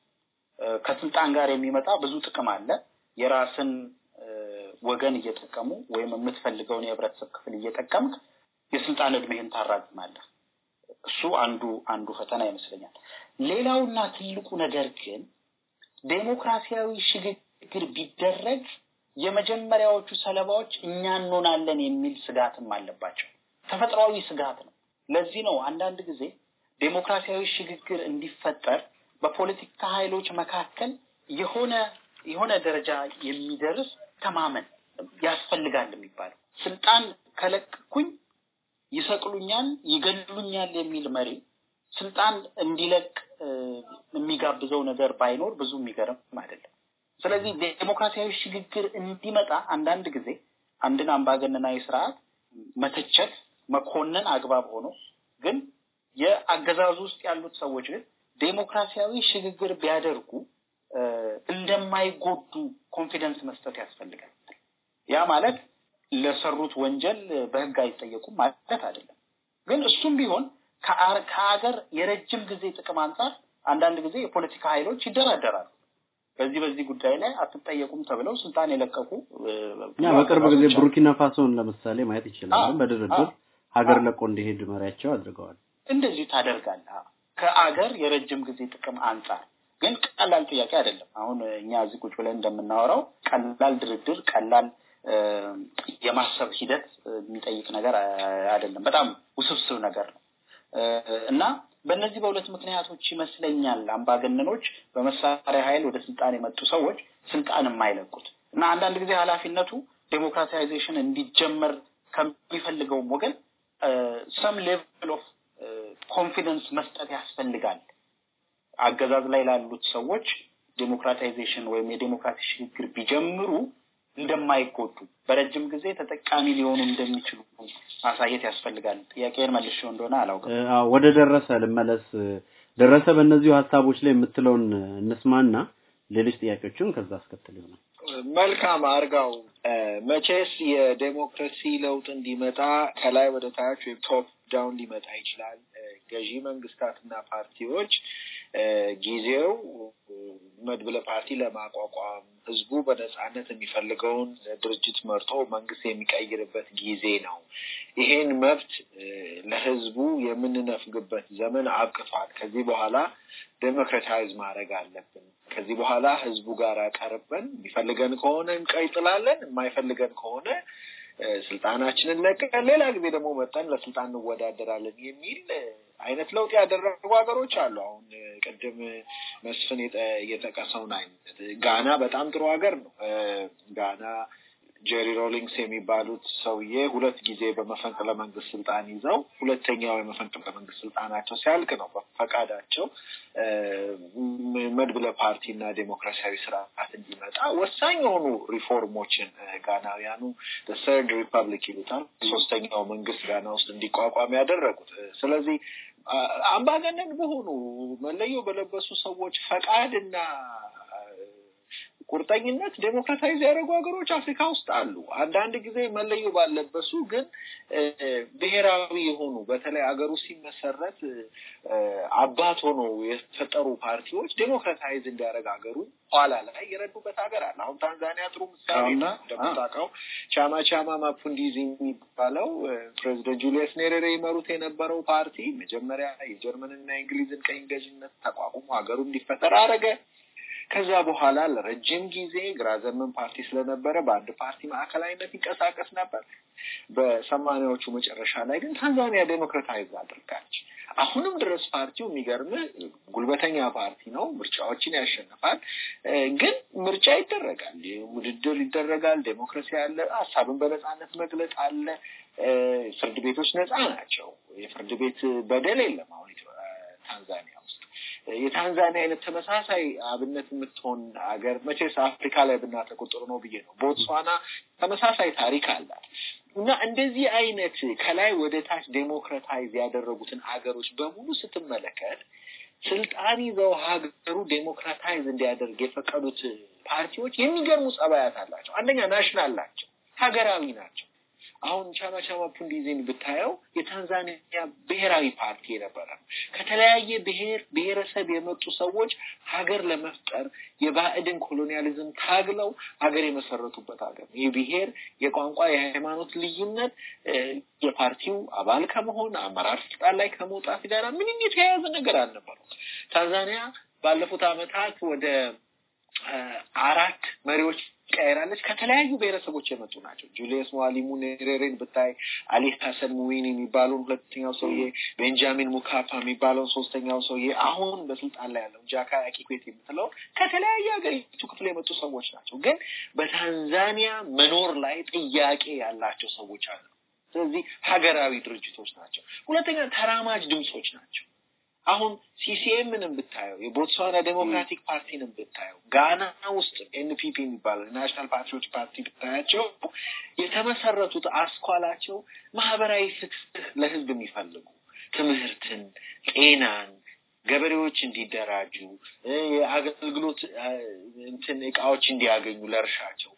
ከስልጣን ጋር የሚመጣ ብዙ ጥቅም አለ። የራስን ወገን እየጠቀሙ ወይም የምትፈልገውን የህብረተሰብ ክፍል እየጠቀምክ የስልጣን እድሜህን ታራግማለህ። እሱ አንዱ አንዱ ፈተና ይመስለኛል። ሌላውና ትልቁ ነገር ግን ዴሞክራሲያዊ ሽግግር ቢደረግ የመጀመሪያዎቹ ሰለባዎች እኛ እንሆናለን የሚል ስጋትም አለባቸው። ተፈጥሯዊ ስጋት ነው። ለዚህ ነው አንዳንድ ጊዜ ዴሞክራሲያዊ ሽግግር እንዲፈጠር በፖለቲካ ኃይሎች መካከል የሆነ የሆነ ደረጃ የሚደርስ ተማመን ያስፈልጋል የሚባለው ስልጣን ከለቅኩኝ ይሰቅሉኛል፣ ይገድሉኛል የሚል መሪ ስልጣን እንዲለቅ የሚጋብዘው ነገር ባይኖር ብዙ የሚገርም አይደለም። ስለዚህ ዴሞክራሲያዊ ሽግግር እንዲመጣ አንዳንድ ጊዜ አንድን አምባገነናዊ ስርዓት መተቸት፣ መኮንን አግባብ ሆኖ ግን የአገዛዙ ውስጥ ያሉት ሰዎች ግን ዴሞክራሲያዊ ሽግግር ቢያደርጉ እንደማይጎዱ ኮንፊደንስ መስጠት ያስፈልጋል። ያ ማለት ለሰሩት ወንጀል በህግ አይጠየቁም ማለት አይደለም። ግን እሱም ቢሆን ከሀገር የረጅም ጊዜ ጥቅም አንጻር አንዳንድ ጊዜ የፖለቲካ ኃይሎች ይደራደራሉ። በዚህ በዚህ ጉዳይ ላይ አትጠየቁም ተብለው ስልጣን የለቀቁ በቅርብ ጊዜ ቡርኪና ፋሶን ለምሳሌ ማየት ይችላል። በድርድር ሀገር ለቆ እንዲሄድ መሪያቸው አድርገዋል። እንደዚሁ ታደርጋለ ከአገር የረጅም ጊዜ ጥቅም አንጻር ግን ቀላል ጥያቄ አይደለም። አሁን እኛ እዚህ ቁጭ ብለን እንደምናወራው ቀላል ድርድር፣ ቀላል የማሰብ ሂደት የሚጠይቅ ነገር አይደለም። በጣም ውስብስብ ነገር ነው እና በእነዚህ በሁለት ምክንያቶች ይመስለኛል አምባገነኖች በመሳሪያ ኃይል ወደ ስልጣን የመጡ ሰዎች ስልጣን የማይለቁት እና አንዳንድ ጊዜ ኃላፊነቱ ዴሞክራታይዜሽን እንዲጀመር ከሚፈልገውም ወገን ሰም ሌቭል ኦፍ ኮንፊደንስ መስጠት ያስፈልጋል። አገዛዝ ላይ ላሉት ሰዎች ዴሞክራታይዜሽን ወይም የዴሞክራሲ ሽግግር ቢጀምሩ እንደማይቆጡ በረጅም ጊዜ ተጠቃሚ ሊሆኑ እንደሚችሉ ማሳየት ያስፈልጋል። ጥያቄን መልሼው እንደሆነ አላውቅም። ወደ ደረሰ ልመለስ። ደረሰ በእነዚሁ ሀሳቦች ላይ የምትለውን እንስማና ሌሎች ጥያቄዎችን ከዛ አስከትል ይሆናል። መልካም አርጋው፣ መቼስ የዴሞክራሲ ለውጥ እንዲመጣ ከላይ ወደ ታች ወይም ቶፕ ዳውን ሊመጣ ይችላል። ገዢ መንግስታትና ፓርቲዎች ጊዜው መድብለ ፓርቲ ለማቋቋም ህዝቡ በነጻነት የሚፈልገውን ድርጅት መርጦ መንግስት የሚቀይርበት ጊዜ ነው። ይሄን መብት ለህዝቡ የምንነፍግበት ዘመን አብቅቷል። ከዚህ በኋላ ዴሞክራታይዝ ማድረግ አለብን። ከዚህ በኋላ ህዝቡ ጋር ቀርበን የሚፈልገን ከሆነ እንቀይጥላለን፣ የማይፈልገን ከሆነ ስልጣናችንን ለቀን ሌላ ጊዜ ደግሞ መጠን ለስልጣን እንወዳደራለን የሚል አይነት ለውጥ ያደረጉ ሀገሮች አሉ። አሁን ቅድም መስፍን የጠቀሰውን አይነት ጋና በጣም ጥሩ ሀገር ነው። ጋና ጄሪ ሮሊንግስ የሚባሉት ሰውዬ ሁለት ጊዜ በመፈንቅለ መንግስት ስልጣን ይዘው ሁለተኛው የመፈንቅለ መንግስት ስልጣናቸው ሲያልቅ ነው በፈቃዳቸው መድብለ እና ዴሞክራሲያዊ ስርዓት እንዲመጣ ወሳኝ የሆኑ ሪፎርሞችን ጋናውያኑ ሰርድ ሪፐብሊክ ይሉታል ሶስተኛው መንግስት ጋና ውስጥ እንዲቋቋም ያደረጉት። ስለዚህ አምባገነን በሆኑ መለዮ በለበሱ ሰዎች ፈቃድና ቁርጠኝነት ዴሞክራታይዝ ያደረጉ ሀገሮች አፍሪካ ውስጥ አሉ። አንዳንድ ጊዜ መለዩ ባለበሱ ግን ብሔራዊ የሆኑ በተለይ ሀገሩ ሲመሰረት አባት ሆኖ የፈጠሩ ፓርቲዎች ዴሞክራታይዝ እንዲያደረግ ሀገሩ ኋላ ላይ የረዱበት ሀገር አለ። አሁን ታንዛኒያ ጥሩ ምሳሌ እንደምታውቀው ቻማ ቻማ ማፑንዲዚ የሚባለው ፕሬዚደንት ጁሊየስ ኔሬሬ ይመሩት የነበረው ፓርቲ መጀመሪያ የጀርመንና የእንግሊዝን ቀኝ ገዥነት ተቋቁሞ ሀገሩ እንዲፈጠር አደረገ። ከዛ በኋላ ለረጅም ጊዜ ግራ ዘመን ፓርቲ ስለነበረ በአንድ ፓርቲ ማዕከላዊነት ይንቀሳቀስ ነበር። በሰማኒያዎቹ መጨረሻ ላይ ግን ታንዛኒያ ዴሞክራታይዝ አድርጋች። አሁንም ድረስ ፓርቲው የሚገርም ጉልበተኛ ፓርቲ ነው። ምርጫዎችን ያሸንፋል። ግን ምርጫ ይደረጋል፣ ውድድር ይደረጋል። ዴሞክራሲ አለ፣ ሀሳብን በነፃነት መግለጥ አለ። ፍርድ ቤቶች ነፃ ናቸው። የፍርድ ቤት በደል የለም አሁን ታንዛኒያ የታንዛኒያ አይነት ተመሳሳይ አብነት የምትሆን ሀገር መቼስ አፍሪካ ላይ ብናተቆጥሩ ነው ብዬ ነው። ቦትስዋና ተመሳሳይ ታሪክ አላት እና እንደዚህ አይነት ከላይ ወደ ታች ዴሞክራታይዝ ያደረጉትን ሀገሮች በሙሉ ስትመለከት ስልጣን ይዘው ሀገሩ ዴሞክራታይዝ እንዲያደርግ የፈቀዱት ፓርቲዎች የሚገርሙ ጸባያት አላቸው። አንደኛ ናሽናል ናቸው፣ ሀገራዊ ናቸው። አሁን ቻማ ቻማ ፑሊዝን ብታየው የታንዛኒያ ብሔራዊ ፓርቲ የነበረ ከተለያየ ብሔር ብሔረሰብ የመጡ ሰዎች ሀገር ለመፍጠር የባዕድን ኮሎኒያሊዝም ታግለው ሀገር የመሰረቱበት ሀገር ነው። ብሔር የቋንቋ፣ የሃይማኖት ልዩነት የፓርቲው አባል ከመሆን አመራር ስልጣን ላይ ከመውጣት ጋር ምንም የተያያዘ ነገር አልነበረው። ታንዛኒያ ባለፉት አመታት ወደ አራት መሪዎች ቀይራለች። ከተለያዩ ብሔረሰቦች የመጡ ናቸው። ጁሊየስ ሟሊሙ ኔሬሬን ብታይ፣ አሌህ ሀሰን ሙዊን የሚባለውን ሁለተኛው ሰውዬ፣ ቤንጃሚን ሙካፓ የሚባለውን ሶስተኛው ሰውዬ፣ አሁን በስልጣን ላይ ያለው ጃካ ያኪኩዌት የምትለው ከተለያየ ሀገሪቱ ክፍል የመጡ ሰዎች ናቸው። ግን በታንዛኒያ መኖር ላይ ጥያቄ ያላቸው ሰዎች አሉ። ስለዚህ ሀገራዊ ድርጅቶች ናቸው። ሁለተኛ ተራማጅ ድምፆች ናቸው። አሁን ሲሲኤምንም ብታየው የቦትስዋና ዴሞክራቲክ ፓርቲንም ብታየው ጋና ውስጥ ኤንፒፒ የሚባለው ናሽናል ፓርቲዎች ፓርቲ ብታያቸው የተመሰረቱት አስኳላቸው ማህበራዊ ፍትህ ለህዝብ የሚፈልጉ ትምህርትን፣ ጤናን ገበሬዎች እንዲደራጁ የአገልግሎት እንትን እቃዎች እንዲያገኙ ለእርሻቸው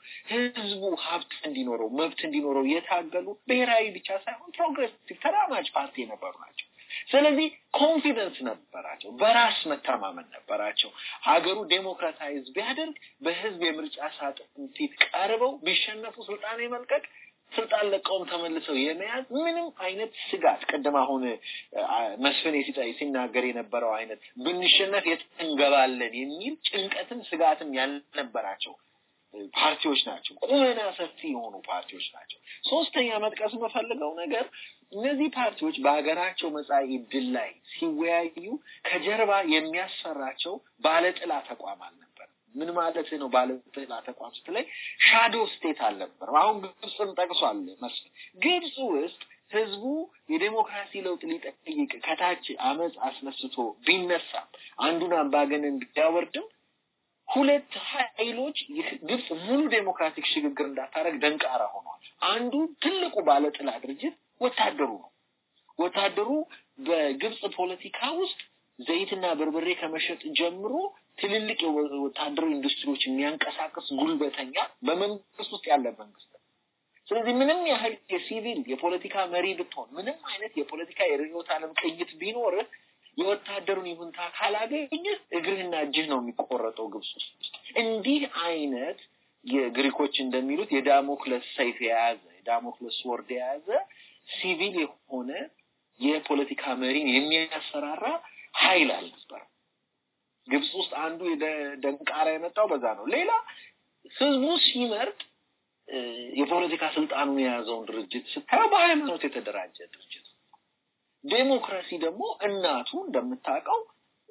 ህዝቡ ሀብት እንዲኖረው መብት እንዲኖረው የታገሉ ብሔራዊ ብቻ ሳይሆን ፕሮግሬሲቭ ተራማጅ ፓርቲ የነበሩ ናቸው። ስለዚህ ኮንፊደንስ ነበራቸው፣ በራስ መተማመን ነበራቸው። ሀገሩ ዴሞክራታይዝ ቢያደርግ በህዝብ የምርጫ ሳጥን ፊት ቀርበው ቢሸነፉ ስልጣን የመልቀቅ ስልጣን ለቀውም ተመልሰው የመያዝ ምንም አይነት ስጋት ቅድም አሁን መስፍን ሲናገር የነበረው አይነት ብንሸነፍ የት እንገባለን የሚል ጭንቀትም ስጋትም ያልነበራቸው ፓርቲዎች ናቸው። ቁመና ሰፊ የሆኑ ፓርቲዎች ናቸው። ሶስተኛ መጥቀስ የምፈልገው ነገር እነዚህ ፓርቲዎች በሀገራቸው መጻኢ ዕድል ላይ ሲወያዩ ከጀርባ የሚያሰራቸው ባለጥላ ተቋም አልነበር። ምን ማለት ነው? ባለጥላ ተቋም ስትለይ ሻዶ ስቴት አልነበር። አሁን ግብፅን ጠቅሷል መስሎኝ። ግብፅ ውስጥ ህዝቡ የዴሞክራሲ ለውጥ ሊጠይቅ ከታች አመፅ አስነስቶ ቢነሳም አንዱን አምባገነን ቢያወርድም ሁለት ኃይሎች ግብፅ ሙሉ ዴሞክራቲክ ሽግግር እንዳታደረግ ደንቃራ ሆነዋል። አንዱ ትልቁ ባለጥላ ድርጅት ወታደሩ ነው። ወታደሩ በግብፅ ፖለቲካ ውስጥ ዘይትና በርበሬ ከመሸጥ ጀምሮ ትልልቅ የወታደራዊ ኢንዱስትሪዎች የሚያንቀሳቅስ ጉልበተኛ በመንግስት ውስጥ ያለ መንግስት ነው። ስለዚህ ምንም ያህል የሲቪል የፖለቲካ መሪ ብትሆን፣ ምንም አይነት የፖለቲካ የርዕዮተ ዓለም ቅኝት ቢኖርህ የወታደሩን ይሁንታ ካላገኘ እግርህና እጅህ ነው የሚቆረጠው ግብጽ ውስጥ። እንዲህ አይነት የግሪኮች እንደሚሉት የዳሞክለስ ሰይፍ የያዘ የዳሞክለስ ወርድ የያዘ ሲቪል የሆነ የፖለቲካ መሪን የሚያሰራራ ኃይል አልነበረም። ግብፅ ውስጥ አንዱ ደንቃራ የመጣው በዛ ነው። ሌላ ህዝቡ ሲመርጥ የፖለቲካ ስልጣኑን የያዘውን ድርጅት ስታየው በሃይማኖት የተደራጀ ድርጅት ዴሞክራሲ ደግሞ እናቱ እንደምታውቀው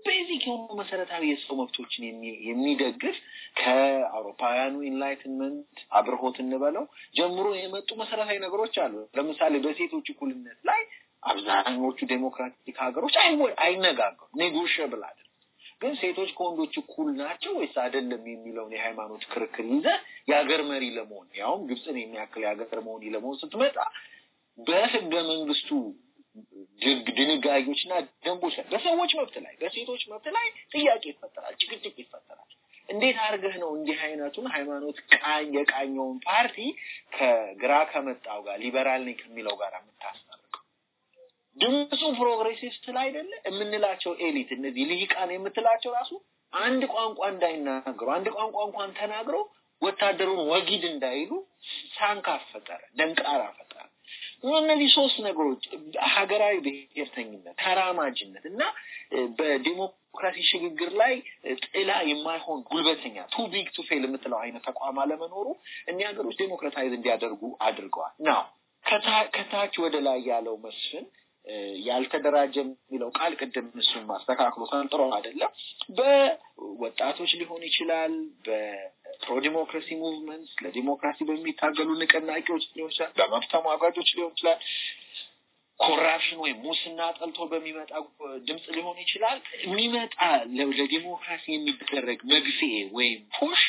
ቤዚክ የሆኑ መሰረታዊ የሰው መብቶችን የሚደግፍ ከአውሮፓውያኑ ኢንላይትንመንት አብርሆት እንበለው ጀምሮ የመጡ መሰረታዊ ነገሮች አሉ። ለምሳሌ በሴቶች እኩልነት ላይ አብዛኞቹ ዴሞክራቲክ ሀገሮች አይነጋገሩ ኔጎሽብል አይደለም። ግን ሴቶች ከወንዶች እኩል ናቸው ወይስ አይደለም የሚለውን የሃይማኖት ክርክር ይዘ የሀገር መሪ ለመሆን ያውም ግብፅን የሚያክል የሀገር መሆን ለመሆን ስትመጣ በህገ መንግስቱ ድንጋጌዎችና ደንቦች ላይ በሰዎች መብት ላይ በሴቶች መብት ላይ ጥያቄ ይፈጠራል፣ ጭቅጭቅ ይፈጠራል። እንዴት አድርገህ ነው እንዲህ አይነቱን ሃይማኖት ቃኝ የቃኘውን ፓርቲ ከግራ ከመጣው ጋር ሊበራል ነኝ ከሚለው ጋር የምታስታርቀው? ድምፁ ፕሮግሬሲስት ላይ አይደለ የምንላቸው ኤሊት እነዚህ ልሂቃን የምትላቸው ራሱ አንድ ቋንቋ እንዳይናገሩ አንድ ቋንቋ እንኳን ተናግረው ወታደሩን ወጊድ እንዳይሉ ሳንካ ፈጠረ፣ ደንቃራ ፈጠረ። እነዚህ ሶስት ነገሮች ሀገራዊ ብሄርተኝነት፣ ተራማጅነት እና በዲሞክራሲ ሽግግር ላይ ጥላ የማይሆን ጉልበተኛ ቱ ቢግ ቱ ፌል የምትለው አይነት ተቋም አለመኖሩ እኒህ ሀገሮች ዴሞክራታይዝ እንዲያደርጉ አድርገዋል። ናው ከታች ወደ ላይ ያለው መስፍን ያልተደራጀ የሚለው ቃል ቅድም እሱን ማስተካክሎ ሰንጥሮ አይደለም በወጣቶች ሊሆን ይችላል በ ፕሮ ዲሞክራሲ ሙቭመንት ለዲሞክራሲ በሚታገሉ ንቅናቄዎች ሊሆን ይችላል፣ በመብት ተሟጋጆች ሊሆን ይችላል፣ ኮራፕሽን ወይም ሙስና ጠልቶ በሚመጣ ድምፅ ሊሆን ይችላል። የሚመጣ ለዲሞክራሲ የሚደረግ መግፌ ወይም ፑሽ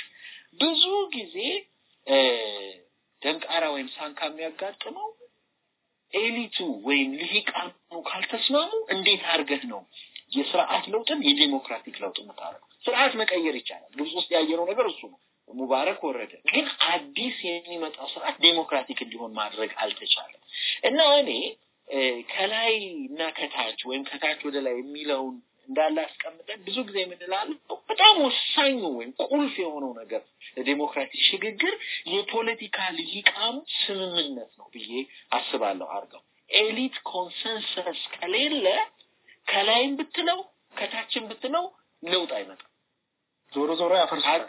ብዙ ጊዜ ደንቃራ ወይም ሳንካ የሚያጋጥመው ኤሊቱ ወይም ልሂቃኑ ካልተስማሙ እንዴት አድርገህ ነው የስርዓት ለውጥን የዴሞክራቲክ ለውጥ የምታደርገው? ስርዓት መቀየር ይቻላል። ግብጽ ውስጥ ያየነው ነገር እሱ ነው። ሙባረክ ወረደ። ግን አዲስ የሚመጣው ስርዓት ዴሞክራቲክ እንዲሆን ማድረግ አልተቻለም እና እኔ ከላይ እና ከታች ወይም ከታች ወደ ላይ የሚለውን እንዳለ አስቀምጠን ብዙ ጊዜ የምንላለው በጣም ወሳኙ ወይም ቁልፍ የሆነው ነገር ለዴሞክራቲክ ሽግግር የፖለቲካ ልሂቃኑ ስምምነት ነው ብዬ አስባለሁ። አርገው ኤሊት ኮንሰንሰስ ከሌለ ከላይም ብትለው ከታችም ብትለው ለውጥ አይመጣም። ዞሮ ዞሮ ያፈርሳል።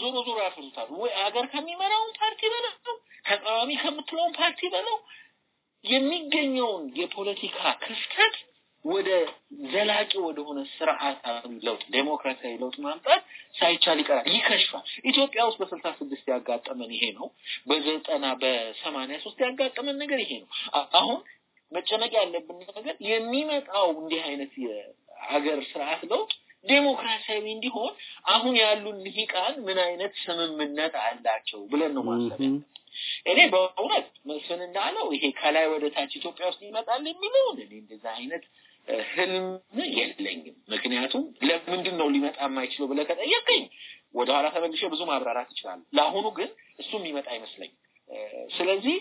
ዞሮ ዞሮ ያፈሉታል ወይ አገር ከሚመራውን ፓርቲ በለው ተቃዋሚ ከምትለውን ፓርቲ በለው የሚገኘውን የፖለቲካ ክፍተት ወደ ዘላቂ ወደሆነ ስርዓታዊ ለውጥ ዴሞክራሲያዊ ለውጥ ማምጣት ሳይቻል ይቀራል፣ ይከሽፋል። ኢትዮጵያ ውስጥ በስልሳ ስድስት ያጋጠመን ይሄ ነው። በዘጠና በሰማኒያ ሶስት ያጋጠመን ነገር ይሄ ነው። አሁን መጨነቅ ያለብን ነገር የሚመጣው እንዲህ አይነት የሀገር ስርዓት ለውጥ ዴሞክራሲያዊ እንዲሆን አሁን ያሉ ልሂቃን ምን አይነት ስምምነት አላቸው ብለን ነው ማሰብ። እኔ በእውነት መስፍን እንዳለው ይሄ ከላይ ወደ ታች ኢትዮጵያ ውስጥ ይመጣል የሚለውን እኔ እንደዛ አይነት ህልም የለኝም። ምክንያቱም ለምንድን ነው ሊመጣ የማይችለው ብለ ከጠየቀኝ ወደኋላ ተመልሼ ብዙ ማብራራት ይችላል። ለአሁኑ ግን እሱ የሚመጣ አይመስለኝ። ስለዚህ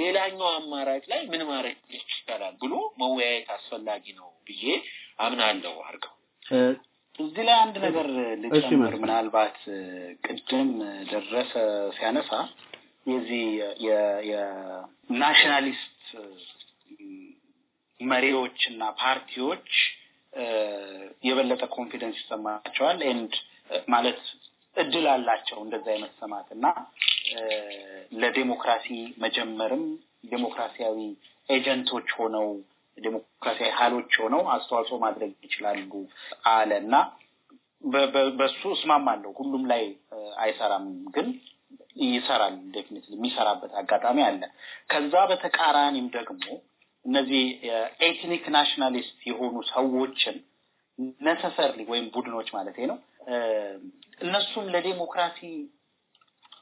ሌላኛው አማራጭ ላይ ምን ማድረግ ይቻላል ብሎ መወያየት አስፈላጊ ነው ብዬ አምናለው አድርገው እዚህ ላይ አንድ ነገር ልጨምር። ምናልባት ቅድም ደረሰ ሲያነሳ የዚህ የናሽናሊስት መሪዎች እና ፓርቲዎች የበለጠ ኮንፊደንስ ይሰማቸዋል ኤንድ ማለት እድል አላቸው እንደዛ የመሰማት እና ለዴሞክራሲ መጀመርም ዴሞክራሲያዊ ኤጀንቶች ሆነው ዴሞክራሲያዊ ሀይሎች ሆነው አስተዋጽኦ ማድረግ ይችላሉ አለ እና በሱ እስማማለሁ። ሁሉም ላይ አይሰራም፣ ግን ይሰራል። ዴፊኒት የሚሰራበት አጋጣሚ አለ። ከዛ በተቃራኒም ደግሞ እነዚህ ኤትኒክ ናሽናሊስት የሆኑ ሰዎችን ነሰሰርሊ ወይም ቡድኖች ማለት ነው እነሱም ለዴሞክራሲ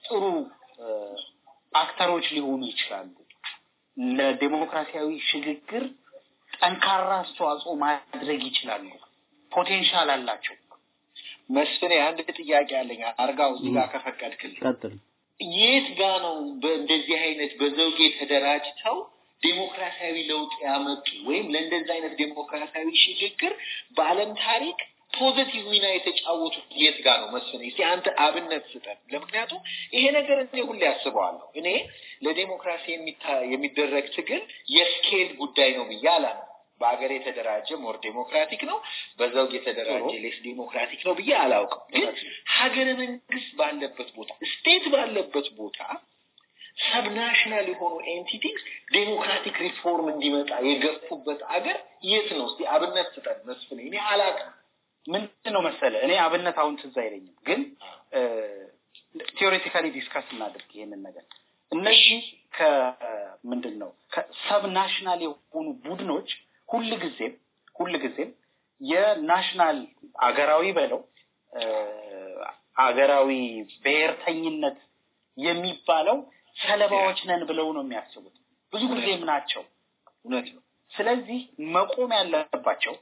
ጥሩ አክተሮች ሊሆኑ ይችላሉ። ለዴሞክራሲያዊ ሽግግር ጠንካራ አስተዋጽኦ ማድረግ ይችላሉ። ፖቴንሻል አላቸው። መስፍኔ አንድ ጥያቄ አለኝ። አርጋው እዚህ ጋር ከፈቀድክልኝ የት ጋ ነው እንደዚህ አይነት በዘውጌ ተደራጅተው ዴሞክራሲያዊ ለውጥ ያመጡ ወይም ለእንደዚህ አይነት ዴሞክራሲያዊ ሽግግር በአለም ታሪክ ፖዘቲቭ ሚና የተጫወቱ የት ጋ ነው መስፍን? እስቲ አንተ አብነት ስጠን። ለምክንያቱም ይሄ ነገር እኔ ሁሌ ያስበዋለሁ። እኔ ለዴሞክራሲ የሚደረግ ትግል የስኬል ጉዳይ ነው ብዬ ነው በሀገር የተደራጀ ሞር ዴሞክራቲክ ነው፣ በዛው የተደራጀ ሌስ ዴሞክራቲክ ነው ብዬ አላውቅም። ግን ሀገረ መንግስት ባለበት ቦታ ስቴት ባለበት ቦታ ሰብናሽናል የሆኑ ኤንቲቲስ ዴሞክራቲክ ሪፎርም እንዲመጣ የገፉበት አገር የት ነው? እስኪ አብነት ስጠን መስፍን። እኔ አላውቅም። ምንድን ነው መሰለ እኔ አብነት አሁን ትዝ አይለኝም፣ ግን ቴዎሬቲካሊ ዲስከስ እናደርግ ይህንን ነገር። እነዚህ ከምንድን ነው ከሰብናሽናል የሆኑ ቡድኖች ሁልጊዜም ሁልጊዜም የናሽናል አገራዊ በለው አገራዊ ብሔርተኝነት የሚባለው ሰለባዎች ነን ብለው ነው የሚያስቡት። ብዙ ጊዜም ናቸው። እውነት ነው። ስለዚህ መቆም ያለባቸው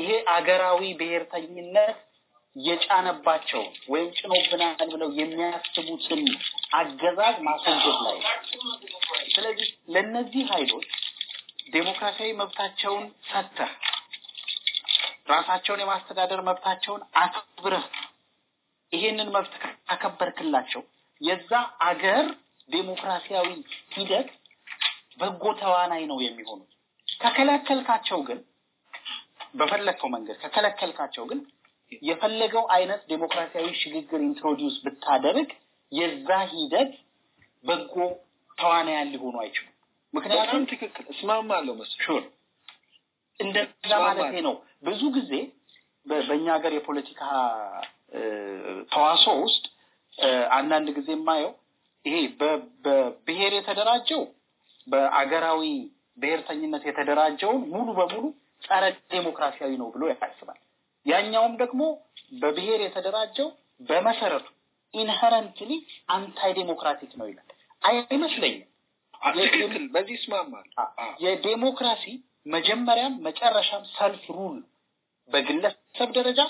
ይሄ አገራዊ ብሔርተኝነት የጫነባቸውን ወይም ጭኖብናል ብለው የሚያስቡትን አገዛዝ ማስወገድ ላይ። ስለዚህ ለእነዚህ ኃይሎች ዴሞክራሲያዊ መብታቸውን ሰጥተህ ራሳቸውን የማስተዳደር መብታቸውን አክብረህ ይሄንን መብት አከበርክላቸው የዛ አገር ዴሞክራሲያዊ ሂደት በጎ ተዋናይ ነው የሚሆኑት። ከከለከልካቸው ግን በፈለግከው መንገድ ከከለከልካቸው ግን የፈለገው አይነት ዴሞክራሲያዊ ሽግግር ኢንትሮዲውስ ብታደርግ የዛ ሂደት በጎ ተዋናያን ሊሆኑ አይችሉም። ምክንያቱም ትክክል እስማማለሁ መስ እንደዛ ማለቴ ነው። ብዙ ጊዜ በእኛ ሀገር የፖለቲካ ተዋሶ ውስጥ አንዳንድ ጊዜ የማየው ይሄ በብሄር የተደራጀው በአገራዊ ብሔርተኝነት የተደራጀውን ሙሉ በሙሉ ጸረ ዴሞክራሲያዊ ነው ብሎ ያስባል። ያኛውም ደግሞ በብሄር የተደራጀው በመሰረቱ ኢንሄረንትሊ አንታይ ዴሞክራቲክ ነው ይላል። አይመስለኝም ትክክል። በዚህ ይስማማል። የዴሞክራሲ መጀመሪያም መጨረሻም ሰልፍ ሩል በግለሰብ ደረጃ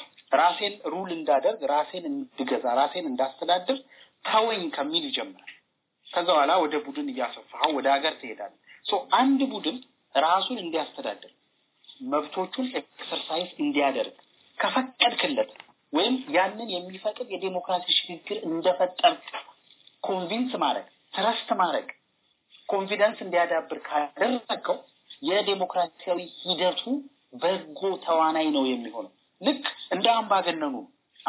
ራሴን ሩል እንዳደርግ፣ ራሴን እንድገዛ፣ ራሴን እንዳስተዳድር ተወኝ ከሚል ይጀምራል። ከዛ በኋላ ወደ ቡድን እያሰፋኸው ወደ ሀገር ትሄዳለህ። አንድ ቡድን ራሱን እንዲያስተዳድር መብቶቹን ኤክሰርሳይዝ እንዲያደርግ ከፈቀድክለት ወይም ያንን የሚፈቅድ የዴሞክራሲ ሽግግር እንደፈጠር ኮንቪንስ ማድረግ ትረስት ማድረግ ኮንፊደንስ እንዲያዳብር ካደረገው የዴሞክራሲያዊ ሂደቱ በጎ ተዋናይ ነው የሚሆነው። ልክ እንደ አምባገነኑ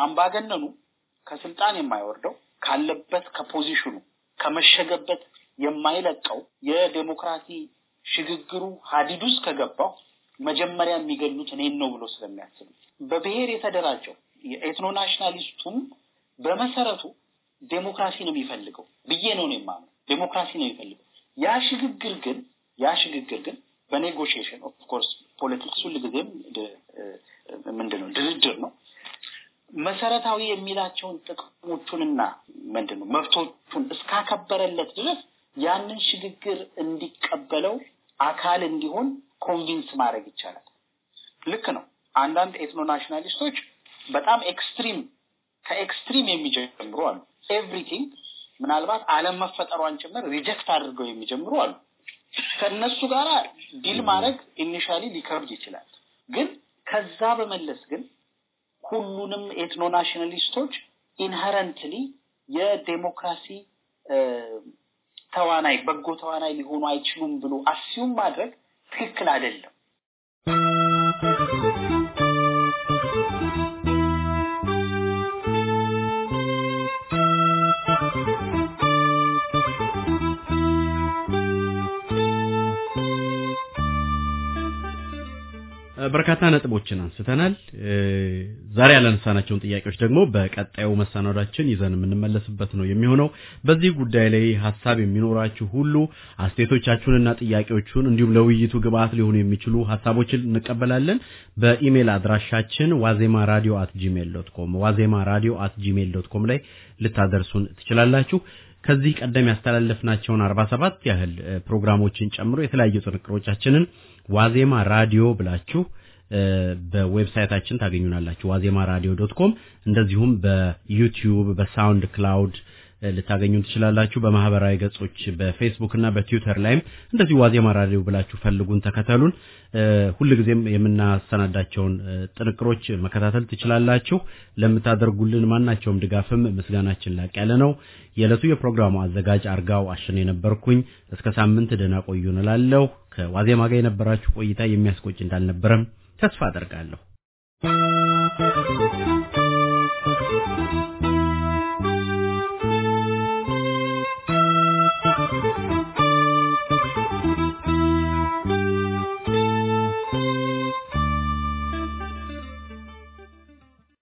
አምባገነኑ ከስልጣን የማይወርደው ካለበት ከፖዚሽኑ ከመሸገበት የማይለቀው የዴሞክራሲ ሽግግሩ ሀዲድ ውስጥ ከገባው መጀመሪያ የሚገሉት እኔን ነው ብሎ ስለሚያስብ በብሔር የተደራጀው የኤትኖ ናሽናሊስቱም በመሰረቱ ዴሞክራሲ ነው የሚፈልገው ብዬ ነው የማምነው። ዴሞክራሲ ነው የሚፈልገው ያ ሽግግር ግን ያ ሽግግር ግን በኔጎሽሽን ኦፍኮርስ ፖለቲክስ ሁል ጊዜም ምንድነው ነው ድርድር ነው። መሰረታዊ የሚላቸውን ጥቅሞቹንና ምንድን መብቶቹን እስካከበረለት ድረስ ያንን ሽግግር እንዲቀበለው አካል እንዲሆን ኮንቪንስ ማድረግ ይቻላል። ልክ ነው። አንዳንድ ኤትኖ ናሽናሊስቶች በጣም ኤክስትሪም ከኤክስትሪም የሚጀምሩ አሉ። ኤቭሪቲንግ ምናልባት አለም መፈጠሯን ጭምር ሪጀክት አድርገው የሚጀምሩ አሉ። ከነሱ ጋር ዲል ማድረግ ኢኒሻሊ ሊከብድ ይችላል። ግን ከዛ በመለስ ግን ሁሉንም ኤትኖ ናሽናሊስቶች ኢንሄረንትሊ የዴሞክራሲ ተዋናይ በጎ ተዋናይ ሊሆኑ አይችሉም ብሎ አስዩም ማድረግ ትክክል አይደለም። በርካታ ነጥቦችን አንስተናል። ዛሬ ያላነሳናቸውን ጥያቄዎች ደግሞ በቀጣዩ መሰናዷችን ይዘን የምንመለስበት ነው የሚሆነው። በዚህ ጉዳይ ላይ ሀሳብ የሚኖራችሁ ሁሉ አስተያየቶቻችሁንና ጥያቄዎቹን እንዲሁም ለውይይቱ ግብአት ሊሆኑ የሚችሉ ሀሳቦችን እንቀበላለን። በኢሜል አድራሻችን ዋዜማ ራዲዮ አት ጂሜል ዶት ኮም ዋዜማ ራዲዮ አት ጂሜል ዶት ኮም ላይ ልታደርሱን ትችላላችሁ። ከዚህ ቀደም ያስተላለፍናቸውን አርባ ሰባት ያህል ፕሮግራሞችን ጨምሮ የተለያዩ ጥንቅሮቻችንን ዋዜማ ራዲዮ ብላችሁ በዌብሳይታችን ታገኙናላችሁ ዋዜማ ራዲዮ ዶት ኮም። እንደዚሁም በዩቲዩብ በሳውንድ ክላውድ ልታገኙን ትችላላችሁ። በማህበራዊ ገጾች በፌስቡክ እና በትዊተር ላይም እንደዚሁ ዋዜማ ራዲዮ ብላችሁ ፈልጉን፣ ተከተሉን። ሁልጊዜም የምናሰናዳቸውን ጥንቅሮች መከታተል ትችላላችሁ። ለምታደርጉልን ማናቸውም ድጋፍም ምስጋናችን ላቅ ያለ ነው። የዕለቱ የፕሮግራሙ አዘጋጅ አርጋው አሽን የነበርኩኝ። እስከ ሳምንት ደህና ቆዩ እንላለሁ። ከዋዜማ ጋር የነበራችሁ ቆይታ የሚያስቆጭ እንዳልነበረም ተስፋ አደርጋለሁ።